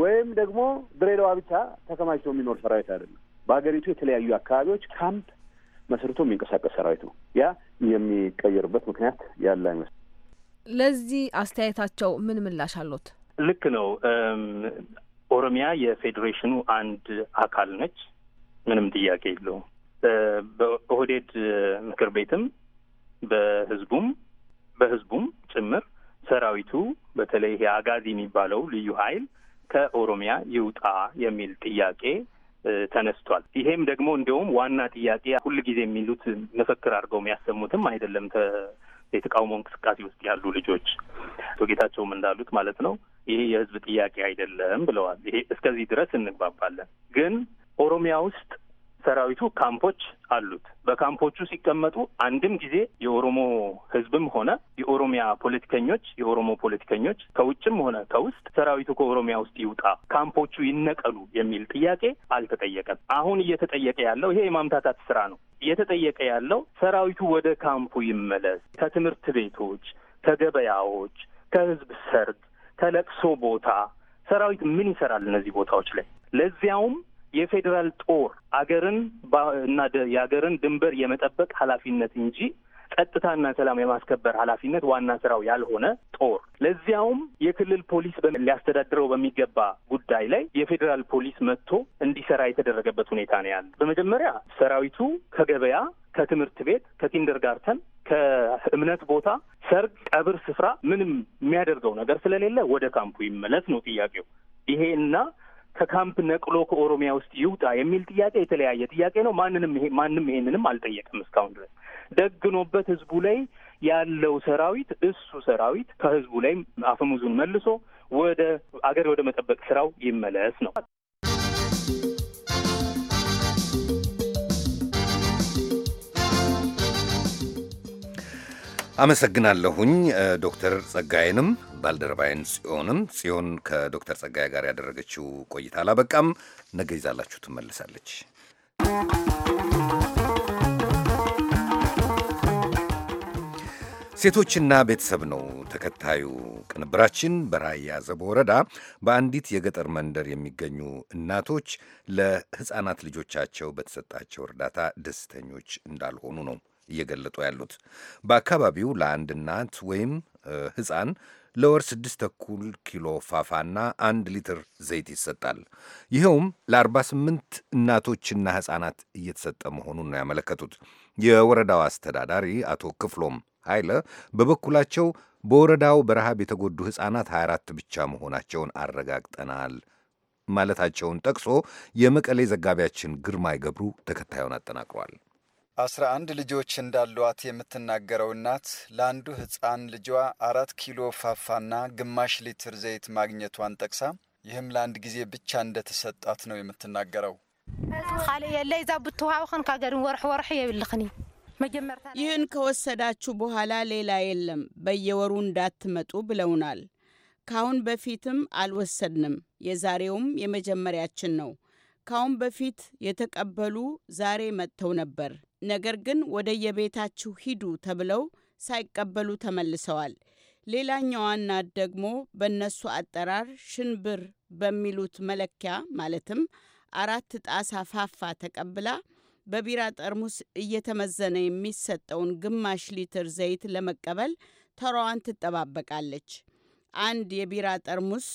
ወይም ደግሞ ድሬዳዋ ብቻ ተከማችቶ የሚኖር ሰራዊት አይደለም። በሀገሪቱ የተለያዩ አካባቢዎች ካምፕ መስርቶ የሚንቀሳቀስ ሰራዊት ነው። ያ የሚቀየርበት ምክንያት ያለ አይመስል። ለዚህ አስተያየታቸው ምን ምላሽ አሉት? ልክ ነው። ኦሮሚያ የፌዴሬሽኑ አንድ አካል ነች። ምንም ጥያቄ የለውም። በኦህዴድ ምክር ቤትም በህዝቡም በህዝቡም ጭምር ሰራዊቱ በተለይ ይሄ አጋዚ የሚባለው ልዩ ኃይል ከኦሮሚያ ይውጣ የሚል ጥያቄ ተነስቷል። ይሄም ደግሞ እንዲሁም ዋና ጥያቄ ሁል ጊዜ የሚሉት መፈክር አድርገው የሚያሰሙትም አይደለም። የተቃውሞ እንቅስቃሴ ውስጥ ያሉ ልጆች አቶ ጌታቸውም እንዳሉት ማለት ነው ይሄ የህዝብ ጥያቄ አይደለም ብለዋል። ይሄ እስከዚህ ድረስ እንግባባለን። ግን ኦሮሚያ ውስጥ ሰራዊቱ ካምፖች አሉት። በካምፖቹ ሲቀመጡ አንድም ጊዜ የኦሮሞ ህዝብም ሆነ የኦሮሚያ ፖለቲከኞች የኦሮሞ ፖለቲከኞች ከውጭም ሆነ ከውስጥ ሰራዊቱ ከኦሮሚያ ውስጥ ይውጣ፣ ካምፖቹ ይነቀሉ የሚል ጥያቄ አልተጠየቀም። አሁን እየተጠየቀ ያለው ይሄ የማምታታት ስራ ነው። እየተጠየቀ ያለው ሰራዊቱ ወደ ካምፑ ይመለስ፣ ከትምህርት ቤቶች፣ ከገበያዎች፣ ከህዝብ ሰርግ፣ ከለቅሶ ቦታ ሰራዊት ምን ይሰራል እነዚህ ቦታዎች ላይ ለዚያውም የፌዴራል ጦር አገርን እና የአገርን ድንበር የመጠበቅ ኃላፊነት እንጂ ጸጥታና ሰላም የማስከበር ኃላፊነት ዋና ስራው ያልሆነ ጦር ለዚያውም የክልል ፖሊስ ሊያስተዳድረው በሚገባ ጉዳይ ላይ የፌዴራል ፖሊስ መጥቶ እንዲሰራ የተደረገበት ሁኔታ ነው ያለ። በመጀመሪያ ሰራዊቱ ከገበያ፣ ከትምህርት ቤት፣ ጋርተን፣ ከእምነት ቦታ፣ ሰርግ፣ ቀብር ስፍራ ምንም የሚያደርገው ነገር ስለሌለ ወደ ካምፑ ይመለስ ነው ጥያቄው ይሄ እና ከካምፕ ነቅሎ ከኦሮሚያ ውስጥ ይውጣ የሚል ጥያቄ የተለያየ ጥያቄ ነው። ማንንም ይሄ ማንም ይሄንንም አልጠየቅም እስካሁን ድረስ ደግኖበት ህዝቡ ላይ ያለው ሰራዊት እሱ ሰራዊት ከህዝቡ ላይ አፈሙዙን መልሶ ወደ አገር ወደ መጠበቅ ስራው ይመለስ ነው። አመሰግናለሁኝ ዶክተር ጸጋዬንም ባልደረባይን ጽዮንም። ጽዮን ከዶክተር ጸጋዬ ጋር ያደረገችው ቆይታ አላበቃም። ነገ ይዛላችሁ ትመልሳለች። ሴቶችና ቤተሰብ ነው ተከታዩ ቅንብራችን። በራያ ዘቦ ወረዳ በአንዲት የገጠር መንደር የሚገኙ እናቶች ለሕፃናት ልጆቻቸው በተሰጣቸው እርዳታ ደስተኞች እንዳልሆኑ ነው እየገለጡ ያሉት። በአካባቢው ለአንድ እናት ወይም ሕፃን ለወር ስድስት ተኩል ኪሎ ፋፋና አንድ ሊትር ዘይት ይሰጣል። ይኸውም ለ48 እናቶችና ሕፃናት እየተሰጠ መሆኑን ነው ያመለከቱት። የወረዳው አስተዳዳሪ አቶ ክፍሎም ኃይለ በበኩላቸው በወረዳው በረሃብ የተጎዱ ሕፃናት 24 ብቻ መሆናቸውን አረጋግጠናል ማለታቸውን ጠቅሶ የመቀሌ ዘጋቢያችን ግርማይ ገብሩ ተከታዩን አጠናቅሯል። አስራ አንድ ልጆች እንዳሏት የምትናገረው እናት ለአንዱ ሕፃን ልጇ አራት ኪሎ ፋፋና ግማሽ ሊትር ዘይት ማግኘቷን ጠቅሳ ይህም ለአንድ ጊዜ ብቻ እንደተሰጣት ነው የምትናገረው። ካልእ የለ ይዛ ብትውሃብ ክንካገድን ወርሕ ወርሕ የብልኽኒ ይህን ከወሰዳችሁ በኋላ ሌላ የለም፣ በየወሩ እንዳትመጡ ብለውናል። ካሁን በፊትም አልወሰድንም። የዛሬውም የመጀመሪያችን ነው። ካሁን በፊት የተቀበሉ ዛሬ መጥተው ነበር። ነገር ግን ወደ የቤታችሁ ሂዱ ተብለው ሳይቀበሉ ተመልሰዋል። ሌላኛዋ እናት ደግሞ በእነሱ አጠራር ሽንብር በሚሉት መለኪያ ማለትም አራት ጣሳ ፋፋ ተቀብላ በቢራ ጠርሙስ እየተመዘነ የሚሰጠውን ግማሽ ሊትር ዘይት ለመቀበል ተራዋን ትጠባበቃለች። አንድ የቢራ ጠርሙስ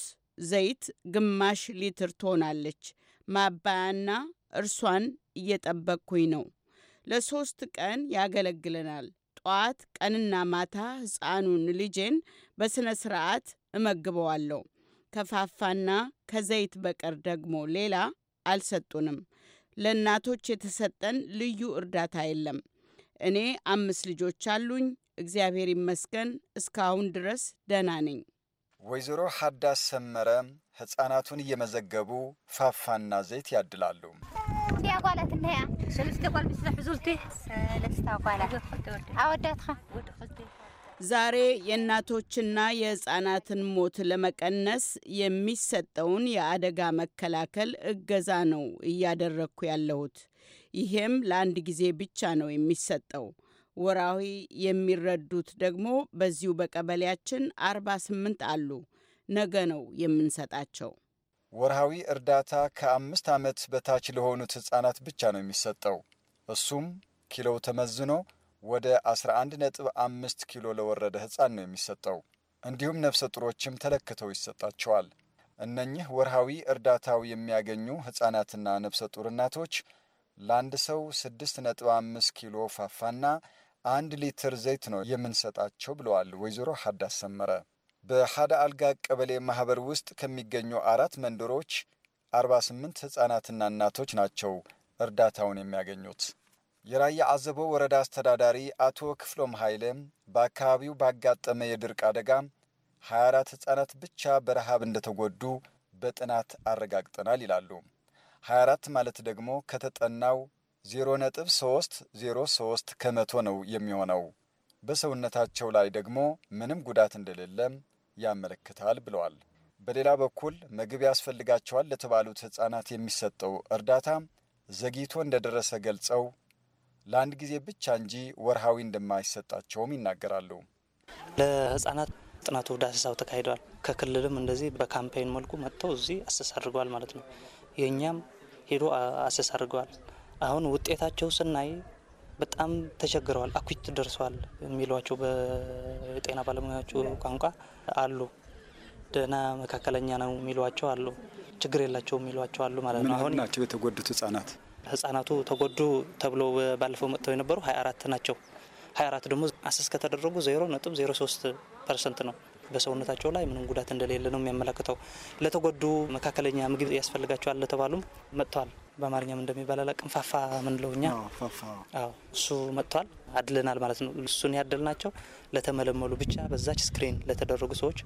ዘይት ግማሽ ሊትር ትሆናለች። ማባያና እርሷን እየጠበቅኩኝ ነው። ለሶስት ቀን ያገለግለናል። ጠዋት ቀንና ማታ ሕፃኑን ልጄን በሥነ ሥርዓት እመግበዋለሁ። ከፋፋና ከዘይት በቀር ደግሞ ሌላ አልሰጡንም። ለእናቶች የተሰጠን ልዩ እርዳታ የለም። እኔ አምስት ልጆች አሉኝ። እግዚአብሔር ይመስገን እስካሁን ድረስ ደህና ነኝ። ወይዘሮ ሀዳስ ሰመረ ህፃናቱን እየመዘገቡ ፋፋና ዘይት ያድላሉ። ዛሬ የእናቶችና የህፃናትን ሞት ለመቀነስ የሚሰጠውን የአደጋ መከላከል እገዛ ነው እያደረግኩ ያለሁት። ይሄም ለአንድ ጊዜ ብቻ ነው የሚሰጠው። ወራዊ የሚረዱት ደግሞ በዚሁ በቀበሌያችን አርባ ስምንት አሉ። ነገ ነው የምንሰጣቸው። ወርሃዊ እርዳታ ከአምስት ዓመት በታች ለሆኑት ሕፃናት ብቻ ነው የሚሰጠው። እሱም ኪሎው ተመዝኖ ወደ 11.5 ኪሎ ለወረደ ሕፃን ነው የሚሰጠው። እንዲሁም ነፍሰ ጡሮችም ተለክተው ይሰጣቸዋል። እነኚህ ወርሃዊ እርዳታው የሚያገኙ ሕፃናትና ነፍሰ ጡር እናቶች ለአንድ ሰው 6.5 ኪሎ ፋፋና አንድ ሊትር ዘይት ነው የምንሰጣቸው ብለዋል ወይዘሮ ሀዳስ ሰመረ። በሓደ አልጋ ቀበሌ ማህበር ውስጥ ከሚገኙ አራት መንደሮች 48 ህጻናትና እናቶች ናቸው እርዳታውን የሚያገኙት። የራያ አዘቦ ወረዳ አስተዳዳሪ አቶ ክፍሎም ኃይለ በአካባቢው ባጋጠመ የድርቅ አደጋ 24 ህጻናት ብቻ በረሃብ እንደተጎዱ በጥናት አረጋግጠናል ይላሉ። 24 ማለት ደግሞ ከተጠናው 0.303 ከመቶ ነው የሚሆነው። በሰውነታቸው ላይ ደግሞ ምንም ጉዳት እንደሌለም ያመለክታል ብለዋል። በሌላ በኩል ምግብ ያስፈልጋቸዋል ለተባሉት ሕፃናት የሚሰጠው እርዳታ ዘግይቶ እንደደረሰ ገልጸው ለአንድ ጊዜ ብቻ እንጂ ወርሃዊ እንደማይሰጣቸውም ይናገራሉ። ለሕፃናት ጥናቱ ዳሰሳው ተካሂደዋል። ከክልልም እንደዚህ በካምፔይን መልኩ መጥተው እዚህ አሰስ አድርገዋል ማለት ነው። የእኛም ሄዶ አሰስ አድርገዋል። አሁን ውጤታቸው ስናይ በጣም ተቸግረዋል፣ አኩት ደርሰዋል የሚሏቸው በጤና ባለሙያዎቹ ቋንቋ አሉ። ደህና መካከለኛ ነው የሚሏቸው አሉ። ችግር የላቸው የሚሏቸው አሉ ማለት ነው። አሁን ናቸው የተጎዱት ህጻናት ህጻናቱ ተጎዱ ተብሎ ባለፈው መጥተው የነበሩ ሀያ አራት ናቸው። ሀያ አራት ደግሞ አሰስ ከተደረጉ ዜሮ ነጥብ ዜሮ ሶስት ፐርሰንት ነው። በሰውነታቸው ላይ ምንም ጉዳት እንደሌለ ነው የሚያመለክተው። ለተጎዱ መካከለኛ ምግብ ያስፈልጋቸዋል ለተባሉም መጥተዋል። በአማርኛም እንደሚባል አላውቅም። ፋፋ ምንለው እኛ እሱ መጥተዋል። አድለናል ማለት ነው። እሱን ያደል ናቸው ለተመለመሉ ብቻ በዛች ስክሪን ለተደረጉ ሰዎች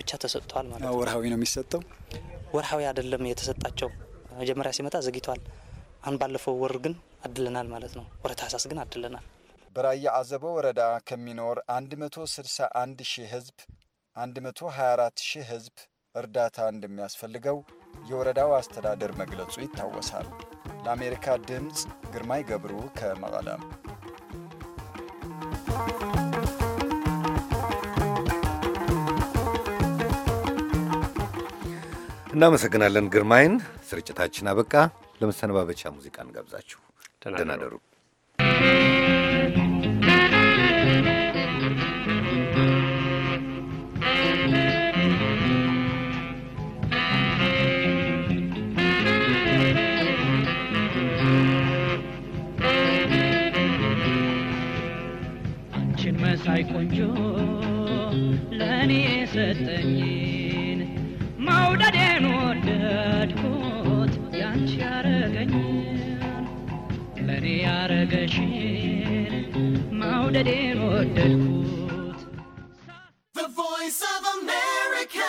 ብቻ ተሰጥተዋል ማለት ነው። ወርሃዊ ነው የሚሰጠው። ወርሃዊ አይደለም የተሰጣቸው። መጀመሪያ ሲመጣ ዘግይተዋል። አሁን ባለፈው ወር ግን አድለናል ማለት ነው። ወረ ታህሳስ ግን አድለናል። በራያ አዘቦ ወረዳ ከሚኖር 161 ሺህ ህዝብ 124 ሺህ ህዝብ እርዳታ እንደሚያስፈልገው የወረዳው አስተዳደር መግለጹ ይታወሳል። ለአሜሪካ ድምፅ ግርማይ ገብሩ ከመቐለም። እናመሰግናለን ግርማይን። ስርጭታችን አበቃ። ለመሰነባበቻ ሙዚቃ እንጋብዛችሁ። ደህና ደሩ። ፀሐይ ቆንጆ ለእኔ የሰጠኝን መውደዴን ወደድኩት ያንቺ ያረገኝን ለእኔ ያረገሽን መውደዴን ወደድኩት The voice of America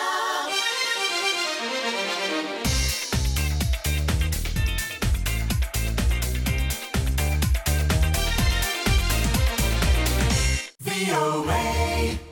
VOA.